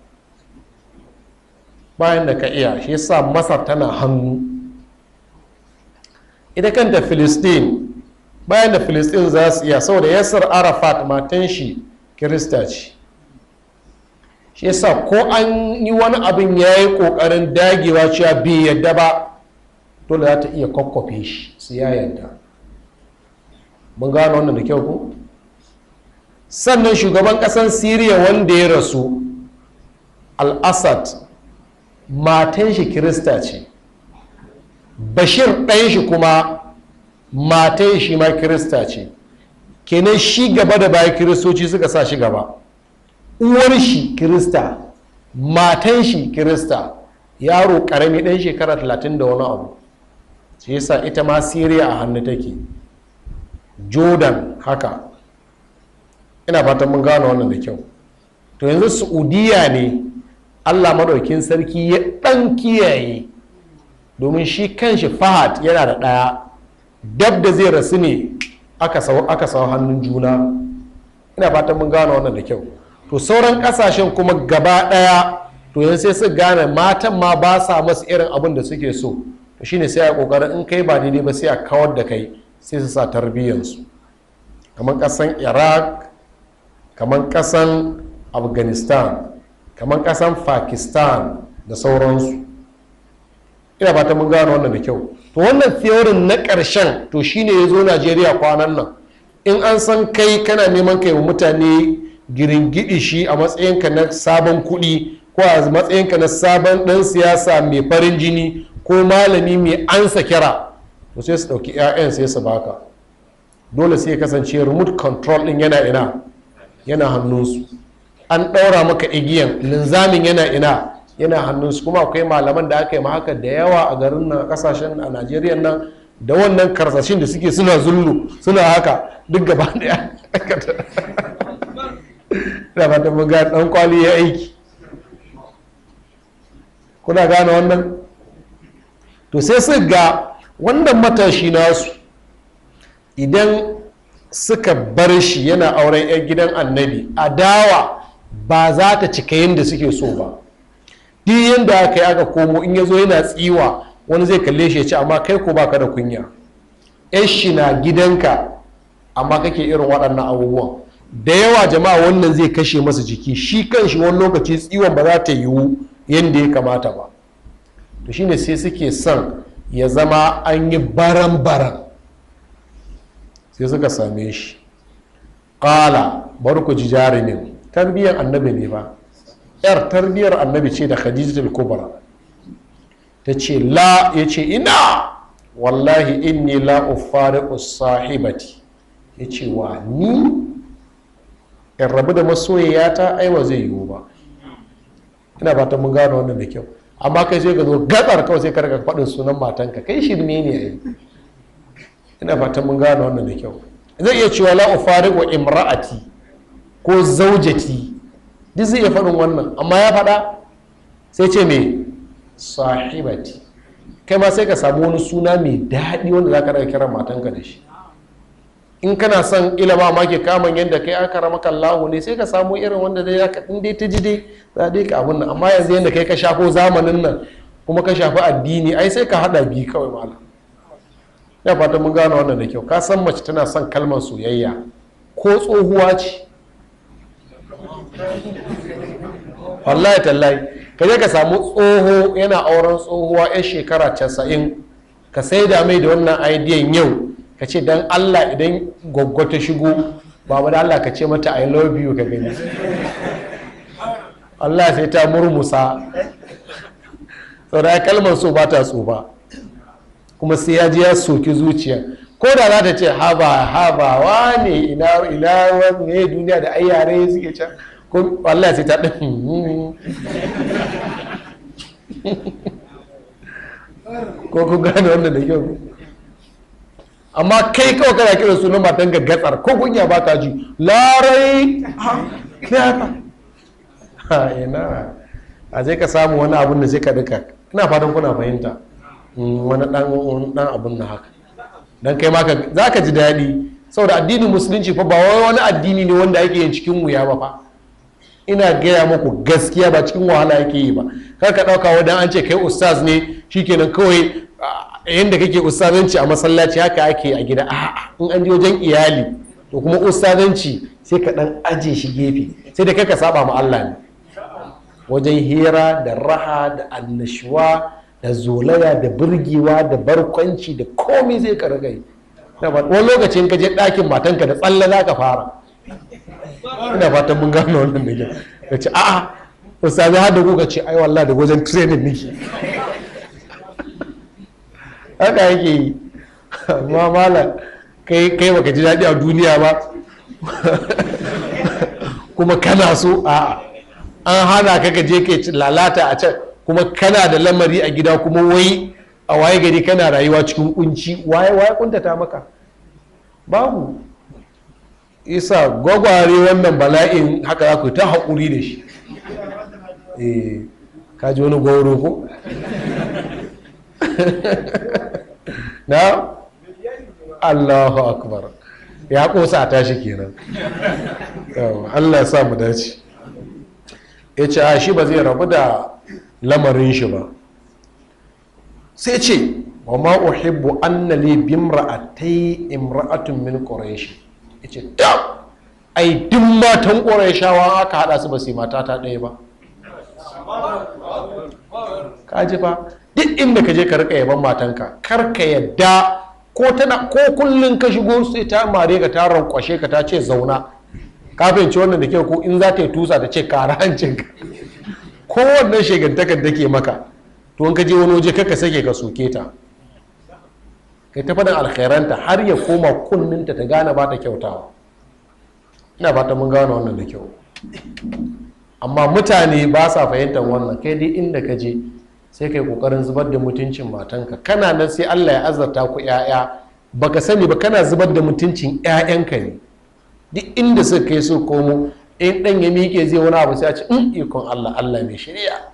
bayan da ka iya shi yasa masar tana hannu ita kanta filistin bayan da filistin za su iya saboda yasar arafat matan shi kirista ce shi yasa ko an yi wani abin ya yi ƙoƙarin dagewa cewa bi yadda ba dole za ta iya kwakwafe shi su ya yadda mun gano wannan da kyau ku sannan shugaban ƙasan siriya wanda ya rasu al-assad matan shi kirista ce bashir ɗayan shi kuma matan shi ma kirista ce kenan shi gaba da baya kiristoci suka sa shi gaba uwar shi kirista matan shi kirista yaro karami ɗan shekara 30 da wani abu shi yasa ita ma siriya a hannu take jordan haka ina fatan mun gano wannan da kyau to yanzu saudiya ne allah maɗaukin sarki ya ɗan kiyaye domin shi kanshi fahad yana da ɗaya dab da zai rasu ne aka sau hannun juna ina fatan mun gano wannan da kyau to sauran kasashen kuma gaba daya to yanzu sai su gane matan ma ba sa masu irin abin da suke so to shine sai a kokarin in kai ba daidai ba sai a kawar da kai sai su sa tarbiyyansu kamar kasan iraq kamar kasan afghanistan kamar kasan pakistan da sauransu ina ta mun gano wannan da kyau to wannan theorin na ƙarshen to shine ya zo najeriya kwanan nan in an san kai kana neman kai mutane giringidi shi a matsayinka na sabon kuɗi ko a matsayinka na sabon ɗan siyasa mai farin jini ko malami mai ansa kira to sai su ɗauki 'ya'yan sai su baka dole sai kasance remote control ɗin yana ina yana hannunsu an ɗaura maka igiyan linzamin yana ina yana hannunsu kuma akwai malaman da aka yi ma haka da yawa a garin nan kasashen a najeriya nan da wannan karsashin da suke suna zullu suna haka duk gaba ɗaya da fata mun dan kwali ya aiki kuna gane wannan to sai su ga wannan matashi nasu idan suka bar shi yana auren 'yan gidan annabi adawa ba za ta cika yadda suke so ba duk yadda aka yi aka komo in ya zo yana tsiwa wani zai kalle shi ya ce amma kai ko baka da kunya 'yan shi na gidanka amma kake irin waɗannan abubuwan da yawa jama'a wannan zai kashe masa jiki shi kanshi wani lokaci tsiwon ba za ta yiwu yadda ya kamata ba to shine sai suke son ya zama an yi baran-baran sai suka same shi ƙala bari ku ji jarumin tarbiyyar annabi ne ba yar tarbiyyar annabi ce da ta kubra ta ce la ya ce ina wallahi inni la ufariqu usahibati ya ce wa ni in rabu da masoyiya ta aiwa zai yiwu ba ina fatan mun gano wannan da kyau amma kai sai ka zo gabar kawai sai ka rika faɗin sunan matanka kai shirme ne yi. ina fatan mun gano wannan da kyau zai iya cewa la ufari wa imra'ati ko zaujati duk zai iya faɗin wannan amma ya faɗa sai ce me sahibati kai ma sai ka samu wani suna mai daɗi wanda za ka rika kiran matanka da shi in kana son ilama ma ke kaman yadda kai aka rama kallahu ne sai ka samu irin wanda zai yaka in dai ta ji dai za dai ka abun nan amma yanzu yadda kai ka shafo zamanin nan kuma ka shafi addini ai sai ka hada biyu kawai malam ya fata mun gano wannan da kyau ka san mace tana son kalmar soyayya ko tsohuwa ce wallahi tallahi ka je ka samu tsoho yana auren tsohuwa 'yan shekara casa'in ka sai da mai da wannan aidiyan yau ka ce dan allah idan gwaggwa ta shigo babu da allah ka ce mata i love you ka gani allah sai ta murmusa saboda kalmar so ba ta so ba kuma sai ya ji ya soki zuciya ko da za ta ce haba haba wa ne ina ina ne duniya da ai yare suke can ko Allah sai ta ɗin hmm, hmm, hmm. ko ku gane wanda da kyau amma kai kawai kana kira sunan matan ga gatsar ko kunya ba ka ji larai ha ina a zai ka samu wani abun da zai ka duka ina fatan kuna fahimta mm, wani dan abun na haka dan kai ma za ka ji daɗi saboda addinin musulunci fa ba wani addini ne wanda ake yin cikin wuya ba fa ina gaya muku gaskiya ba cikin wahala yake yi ba kar ka dauka wadan an ce kai ustaz ne shikenan kawai yadda kake ustazanci a masallaci haka ake a gida a'a in an je wajen iyali to kuma ustazanci sai ka dan aje shi gefe sai da kaka saba ma Allah ne wajen hira da raha da annashuwa da zolaya da burgewa da barkwanci da komai zai ka wani lokacin ka je ɗakin matanka da tsalle za ka fara ina fatan mun gano wannan da ke a'a ustazi har da ka ce ai wallahi da wajen training nake haka yake yi amma mala kai kai baka ji daɗi a duniya ba kuma kana so a an hana ka ka je ka lalata a can kuma kana da lamari a gida kuma wai a waye gari kana rayuwa cikin kunci waye waye kuntata maka babu isa gwagware wannan bala'in haka za ku ta haƙuri da shi eh, ka ji wani gwauro ko na allahu akbar ya kosa a tashi kenan allah sa mu dace ya ce a shi ba zai rabu da lamarin shi ba sai ce wa ma uhibbu anna li bimra'atai imra'atun min quraish yace da ai duk matan qurayshawa aka hada su ba sai mata ta ɗaya ba kaji fa duk inda ka je ka rika yaban matanka kar ka yadda ko tana ko kullun ka shigo sai ta mare ka ta rankwashe ka ta ce zauna kafin fahimci wannan da ke ko in za ta yi tusa ta ce kara hancin ka ko wannan shegantakar da ke maka to in ka je wani waje kaka sake ka soke ta kai ta faɗin alkhairanta har ya koma kunninta ta gane ba ta kyautawa ina ba ta mun gane wannan da kyau amma mutane ba sa fahimtar wannan kai dai inda ka je sai kai kokarin zubar da mutuncin matanka kana nan sai Allah ya azarta ku yaya baka sani ba kana zubar da mutuncin yayanka ne duk inda suka kai su komo in dan ya mike zai wani abu sai a ce in mm, ikon Allah Allah mai shari'a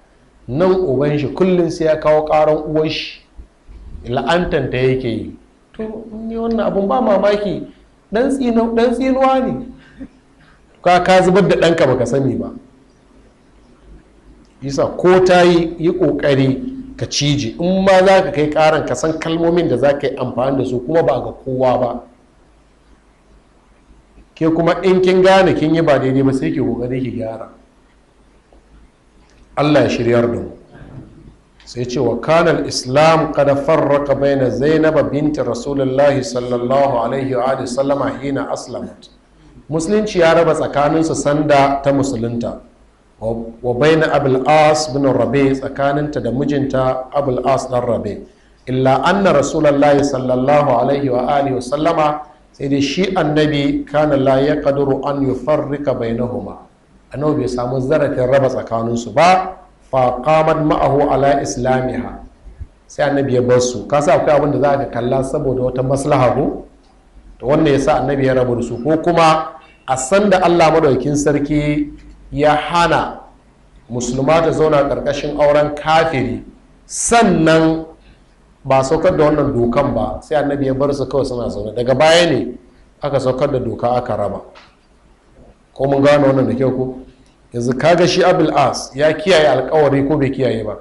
nan uban shi kullun sai ya kawo karan uwan shi la'antanta yake yi to ni wannan abun ba mamaki dan tsinuwa ne ka zubar da danka baka sani ba isa ko ta yi yi ƙoƙari ka cije in ma za ka kai ƙaran ka san kalmomin da za ka yi amfani da su kuma ba ga kowa ba ke kuma in kin gane kin yi ba daidai ba sai ke kokari ki gyara allah ya shiryar da mu sai ce wa kanal islam kada farraka baina zainaba binti rasulullahi sallallahu alaihi wa sallama hina aslamat musulunci ya raba tsakaninsu sanda ta musulunta wa baina abul as bin rabe tsakaninta da mijinta abul as dan rabe illa anna rasulullahi sallallahu alaihi wa alihi sallama sai dai shi annabi kana la yaqdiru an yufarrika bainahuma annabi bai samu zarafin raba tsakaninsu ba fa qamat ma'ahu ala islamiha sai annabi ya bar su ka sa akwai abin da za ka kalla saboda wata maslaha ko to wannan yasa annabi ya rabu da su ko kuma a san da Allah madaukin sarki ya hana musulma ta zauna ƙarƙashin auren kafiri sannan ba saukar da wannan dokan ba sai annabi ya bar su kawai suna zaune daga baya ne aka saukar da doka aka raba ko mun gano wannan da kyau ko yanzu kaga shi abul as ya kiyaye alkawari ko bai kiyaye ba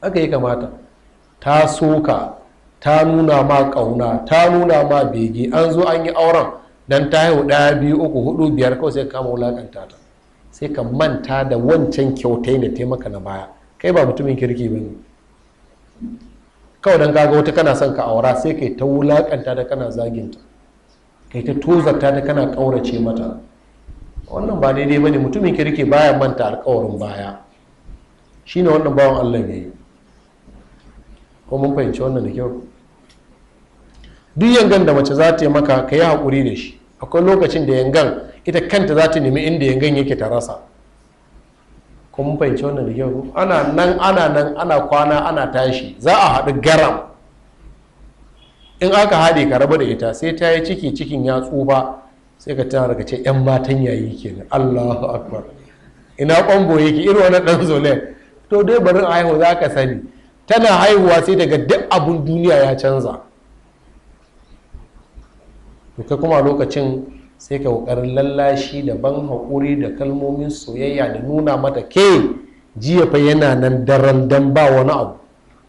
aka yi kamata ta soka ta nuna ma kauna ta nuna ma bege an zo an yi auren dan ta haihu ɗaya biyu uku hudu biyar kawai sai kama wulakanta ta sai ka manta da wancan kyautai da taimaka na baya kai ba mutumin kirki ba ne kawai don kaga wata kana son ka aura sai kai ta wulakanta da kana zaginta kai ta tozarta da kana ƙaurace mata wannan ba daidai ba ne mutumin kirki baya manta alƙawarin baya shine wannan bawan allah ya yi ko mun fahimci wannan da kyau duk yangan da mace za ta yi maka ka yi haƙuri da shi akwai lokacin da yangan ita kanta za ta nemi inda yangan yake ta rasa kun fahimci wannan da kyau ana nan ana nan ana kwana ana tashi za a haɗu garam in aka haɗe ka raba da ita sai ta yi ciki cikin ya tsufa sai ka tara ka ce 'yan matan yayi kenan allahu akbar ina ƙwambo yake irin wani ɗan zole to dai barin haihu za ka sani tana haihuwa sai daga duk abun duniya ya canza to kai kuma lokacin sai ka ƙoƙarin lallashi da ban haƙuri da kalmomin soyayya da nuna mata ke jiya fa yana nan daren dan ba wani abu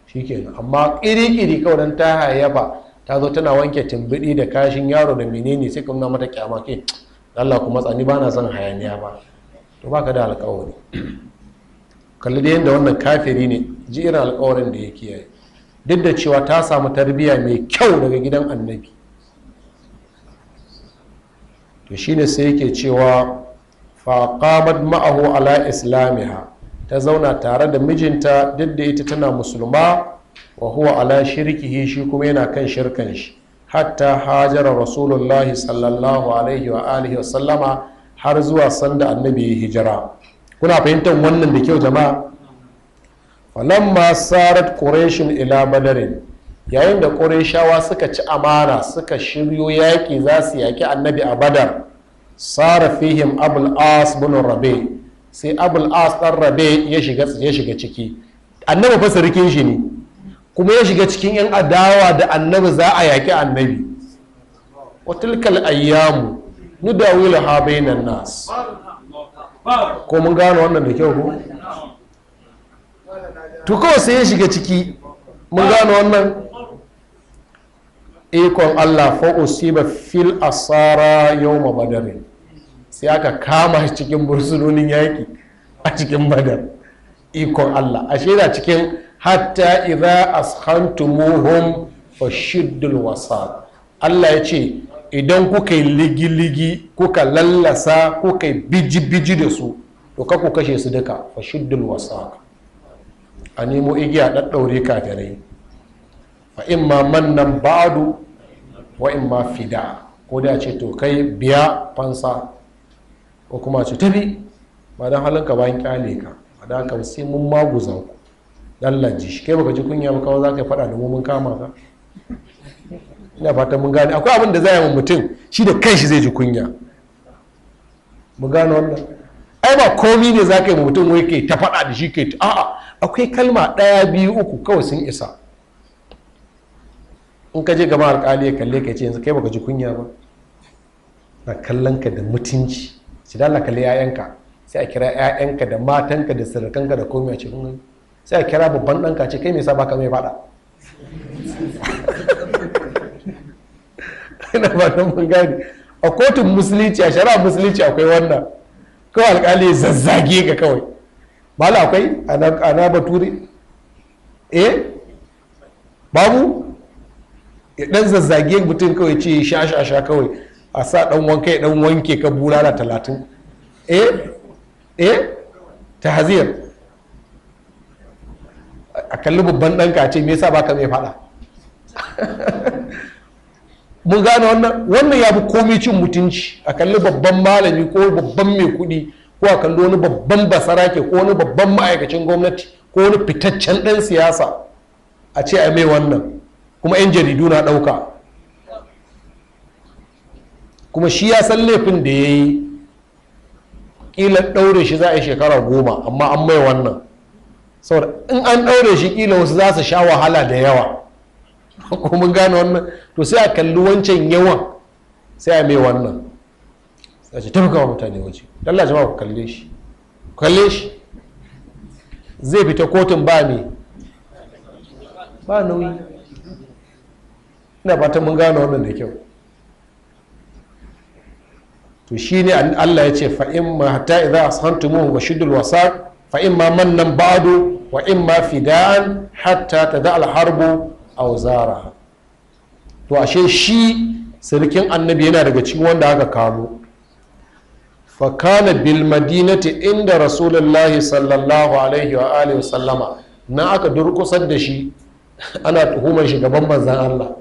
shikenan amma ƙiri-ƙiri kawai dan ta ba ta zo tana wanke tumbiɗi da kashin yaro da menene sai ka nuna mata kyama ke Allah kuma tsani ba na son hayaniya ba to baka da alƙawari kalli da yadda wannan kafiri ne ji irin alƙawarin da ya kiyaye duk da cewa ta samu tarbiyya mai kyau daga gidan annabi to shine sai yake cewa faƙamar ma'ahu ala islamiha ta zauna tare da mijinta duk da ita tana musulma wa huwa ala shirkihi shi kuma yana kan shirkan shi hatta hajara rasulullah sallallahu alaihi wa alihi sallama har zuwa sanda annabi ya hijira kuna fahimtar wannan da kyau jama'a falamma sarat quraish ila badarin yayin da ƙorashawa suka ci amara suka shiryo yaƙi za su yaƙi annabi a badar sara fihim abul as bin rabe sai abul as ɗan rabe ya shiga ciki annabi fa sarkin shi ne kuma ya shiga cikin yan adawa da annabi za a yaƙi annabi watilkal ayyamu nudawilu ha bainan nas ko mun gano wannan da kyau ko to kawai sai ya shiga ciki mun gano wannan ikon allah fa'usiba fil asara yau ma badare sai aka kama cikin bursunonin yaƙi a cikin badar ikon allah a shaida cikin hatta idza ashantumuhum fashiddul wasa allah ya ce idan kuka yi ligi kuka lallasa kuka yi biji-biji da su to ka ku kashe su duka fashiddul wasa a nemo igiya ɗaɗɗaure kafirai fa imma mannan ba'adu wa in ma fida ko da ce to kai biya fansa ko kuma ce tabi ba don halinka bayan kyale ka ba don haka sai mun maguza ku lallaji shi kai baka ji kunya ba kawai za ka faɗa da mu mun kama ka ina fatan mun gane akwai abin da za yi mutum shi da shi zai ji kunya mu gane wannan ai ba komi ne za ka yi mutum wai ke ta faɗa da shi ke a'a akwai kalma ɗaya biyu uku kawai sun isa in ka je gama alkali ya kalle ka ce yanzu kai baka ji kunya ba na kallon ka da mutunci sai da kalle yayanka sai a kira yayanka da matanka da sirrikanka da komai a cikin sai a kira babban ɗanka ce kai me yasa baka mai faɗa ina ba don mun gane a kotun musulunci a shari'a musulunci akwai wannan kawai alkali zazzage ka kawai ba akwai ana bature eh babu ya dan zazzage mutum kawai ce sha sha sha kawai a sa dan wanka ya dan wanke ka da talatin eh eh haziyar a kalli babban ɗanka a ce me yasa baka mai faɗa mun gane wannan wannan ya fi komai cin mutunci a kalli babban malami ko babban mai kuɗi ko a kalli wani babban basarake ko wani babban ma'aikacin gwamnati ko wani fitaccen ɗan siyasa a ce a mai wannan kuma 'yan jaridu na ɗauka kuma shi ya san laifin da ya yi ƙila ɗaure shi za a yi shekara goma amma an mai wannan saboda in an ɗaure shi ƙila wasu za su sha wahala da yawa kuma gane wannan to sai a kalli wancan yawan sai a mai wannan sai ce tafi kawo mutane waje dalla jama'a ku kalle shi kalle shi zai fita kotun ba ne ba nauyi ina fata mun gane wannan da kyau to shi ne Allah ya ce ma hata ma a idza ashantum wa shidul wasa fa'in ma mannan ba'du wa in ma da'an, hatta ta al alharbu a wuzara to ashe shi sarkin annabi yana daga cikin wanda aka kamo Fakana bil madinati inda rasulullahi sallallahu alaihi wa alihi sallama na aka durkusar da shi ana tuhumar shi gaban manzan Allah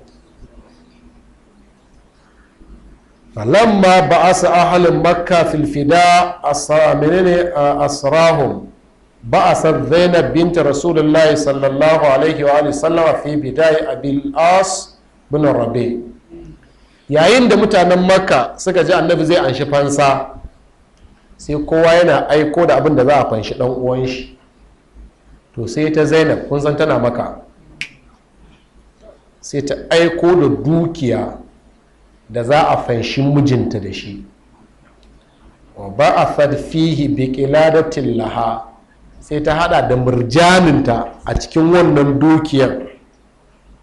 falamma ba'asa ahalin makka filfida menene asrahum ba'asa zainab binta rasulullahi sallallahu alaihi wa sallama fi bidai abil as bin yayin da mutanen makka suka ji annabi zai anshi fansa sai kowa yana aiko da abin da za a fanshi dan uwan shi to sai ta zainab kun san tana maka sai ta aiko da dukiya da za a fanshi mijinta da shi wa a farfihi bi qiladatin laha sai ta hada da murjaninta a cikin wannan dukiyar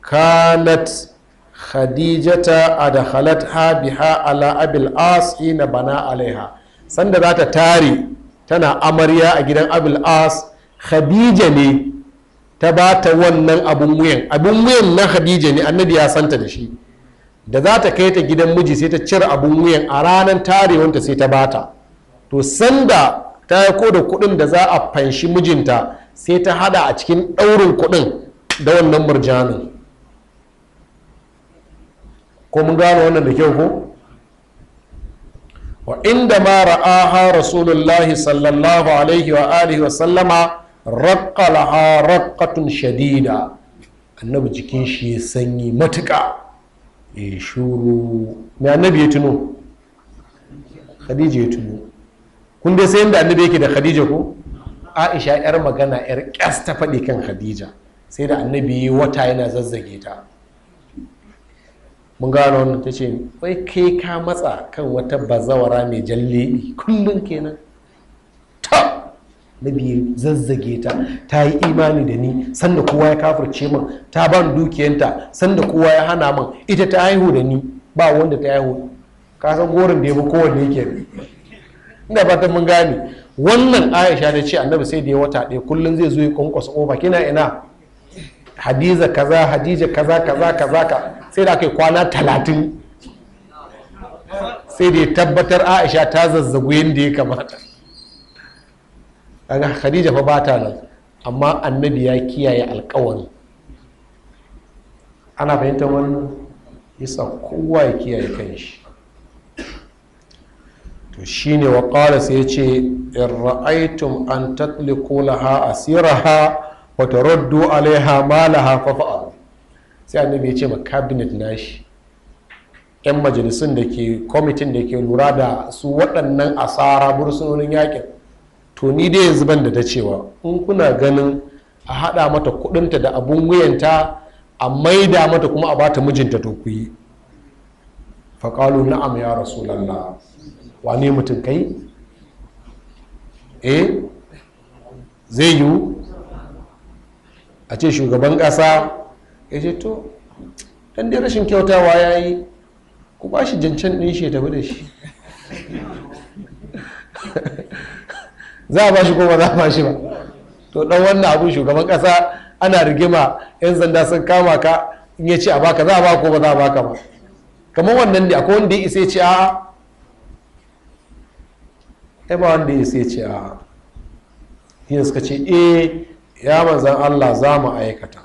kanat khadijata adkhalat ha ha ala abil as Ina, bana alaiha sanda za ta tare tana amarya a gidan abil as khadija ne ta ba ta wannan abin wuyan abin wuyan na khadija ne annabi ya santa da shi da za ta kai ta gidan miji sai ta cire abun wuyan a ranar tarewanta sai ta bata to sanda ta ko da kuɗin da za a fanshi mijinta sai ta hada a cikin ɗaurin kuɗin da wannan murjanin ko mun gano wannan da kyau ko wa inda ma ra'aha rasulullahi sallallahu alaihi wa alihi wa sallama raqqalaha raqqatun shadida annabi jikin shi sanyi matuƙa e shuru mai annabi ya tuno khadija ya tuno kun dai sai inda annabi yake da khadija ko aisha yar magana yar kyas ta faɗi kan khadija sai da annabi wata yana zazzage ta mun gano wannan ta ce wai kai ka matsa kan wata bazawara mai jalle kullum kenan ta Na biyu zazzage ta ta yi imani da ni sanda kowa ya kafirce min ta ban dukiyanta sanda kowa ya hana min ita ta haihu da ni ba wanda ta haihu ka san gorin da ya bi kowanne yake ina ta mun gane wannan aisha ta ce annabi sai da ya wata ɗaya kullum zai zo ya kwankwasa kofa kina ina hadiza kaza hadija kaza kaza kaza ka sai da aka kwana talatin sai da ya tabbatar aisha ta zazzagu yadda ya kamata kaga khadija fa bata nan amma annabi ya kiyaye alkawari ana fahimta wannan yasa kowa ya kiyaye shi, to shine wa qala sai ya ce in ra'aytum an tatliqu laha asiraha wa taraddu alaiha malaha fa fa'al sai annabi ya ce ma cabinet nashi yan majalisun da ke kwamitin da ke lura da su waɗannan asara bursunonin yakin to ni dai yanzu ban da ta cewa in kuna ganin a haɗa mata kuɗinta da abun wuyanta a maida mata kuma a bata mijinta to ku yi faƙalu na'am ya rasulallah wane mutum kai eh zai yiwu a ce shugaban ƙasa ya ce to dan dai rashin kyautawa ya yi ku ba shi jancan ɗin shi ya tafi da shi za a bashi ko ba za a bashi ba to dan wannan abu shugaban kasa ana rigima yan sanda sun kama ka in ya ce a baka za a baka ko ba za a baka ba kamar wannan ne akwai wanda ya isa ya ce a ai ba wanda ya isa ya ce a yin suka ce eh ya manzan Allah za mu aikata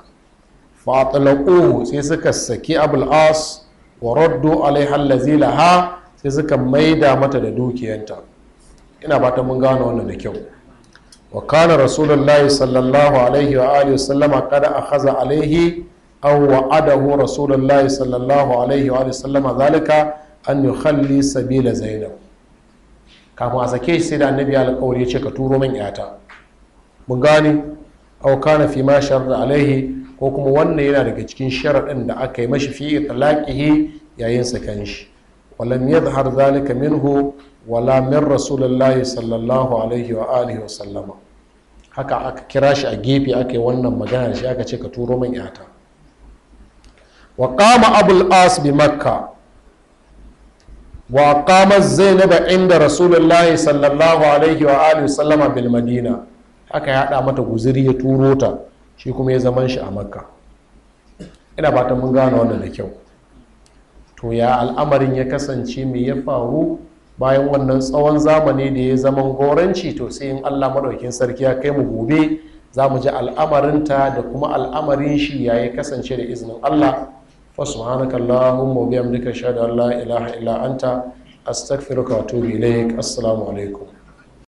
fatalaquhu sai suka saki abul as wa raddu alaiha allazi laha sai suka maida mata da dukiyanta ina fata mun gane wannan da kyau wa kana rasulullahi sallallahu alaihi wa alihi sallama kada akhadha alaihi aw wa'adahu rasulullahi sallallahu alaihi wa alihi sallama zalika an yukhalli sabila zainab kafin a sake shi sai da annabi alƙawari ya ce ka turo min yata mun gane aw kana fi ma sharra alaihi ko kuma wannan yana daga cikin sharaɗin da aka yi mashi fi talaqihi yayin sakan shi walam yadhhar zalika minhu wala min rasulullahi sallallahu alaihi wa alihi wa sallama haka aka kira shi a gefe aka yi wannan magana da shi aka ce ka turo min yata wa qama abul as bi makka wa qama zainab inda rasulullahi sallallahu alaihi wa alihi wa sallama bil madina haka ya hada mata guzuri ya turo ta shi kuma ya zaman shi a makka ina fatan mun gane wannan da kyau to ya al'amarin ya kasance me ya faru bayan wannan tsawon zamani da ya zama goranci to sai in allah maɗaukin sarki ya kai mu gobe za mu ji al'amarinta da kuma al'amarin shi ya yi kasance da izinin allah fa subhanaka allahumma wa duka shahadu allah ilaha illa anta astaghfiruka wa atubu ilaik assalamu alaikum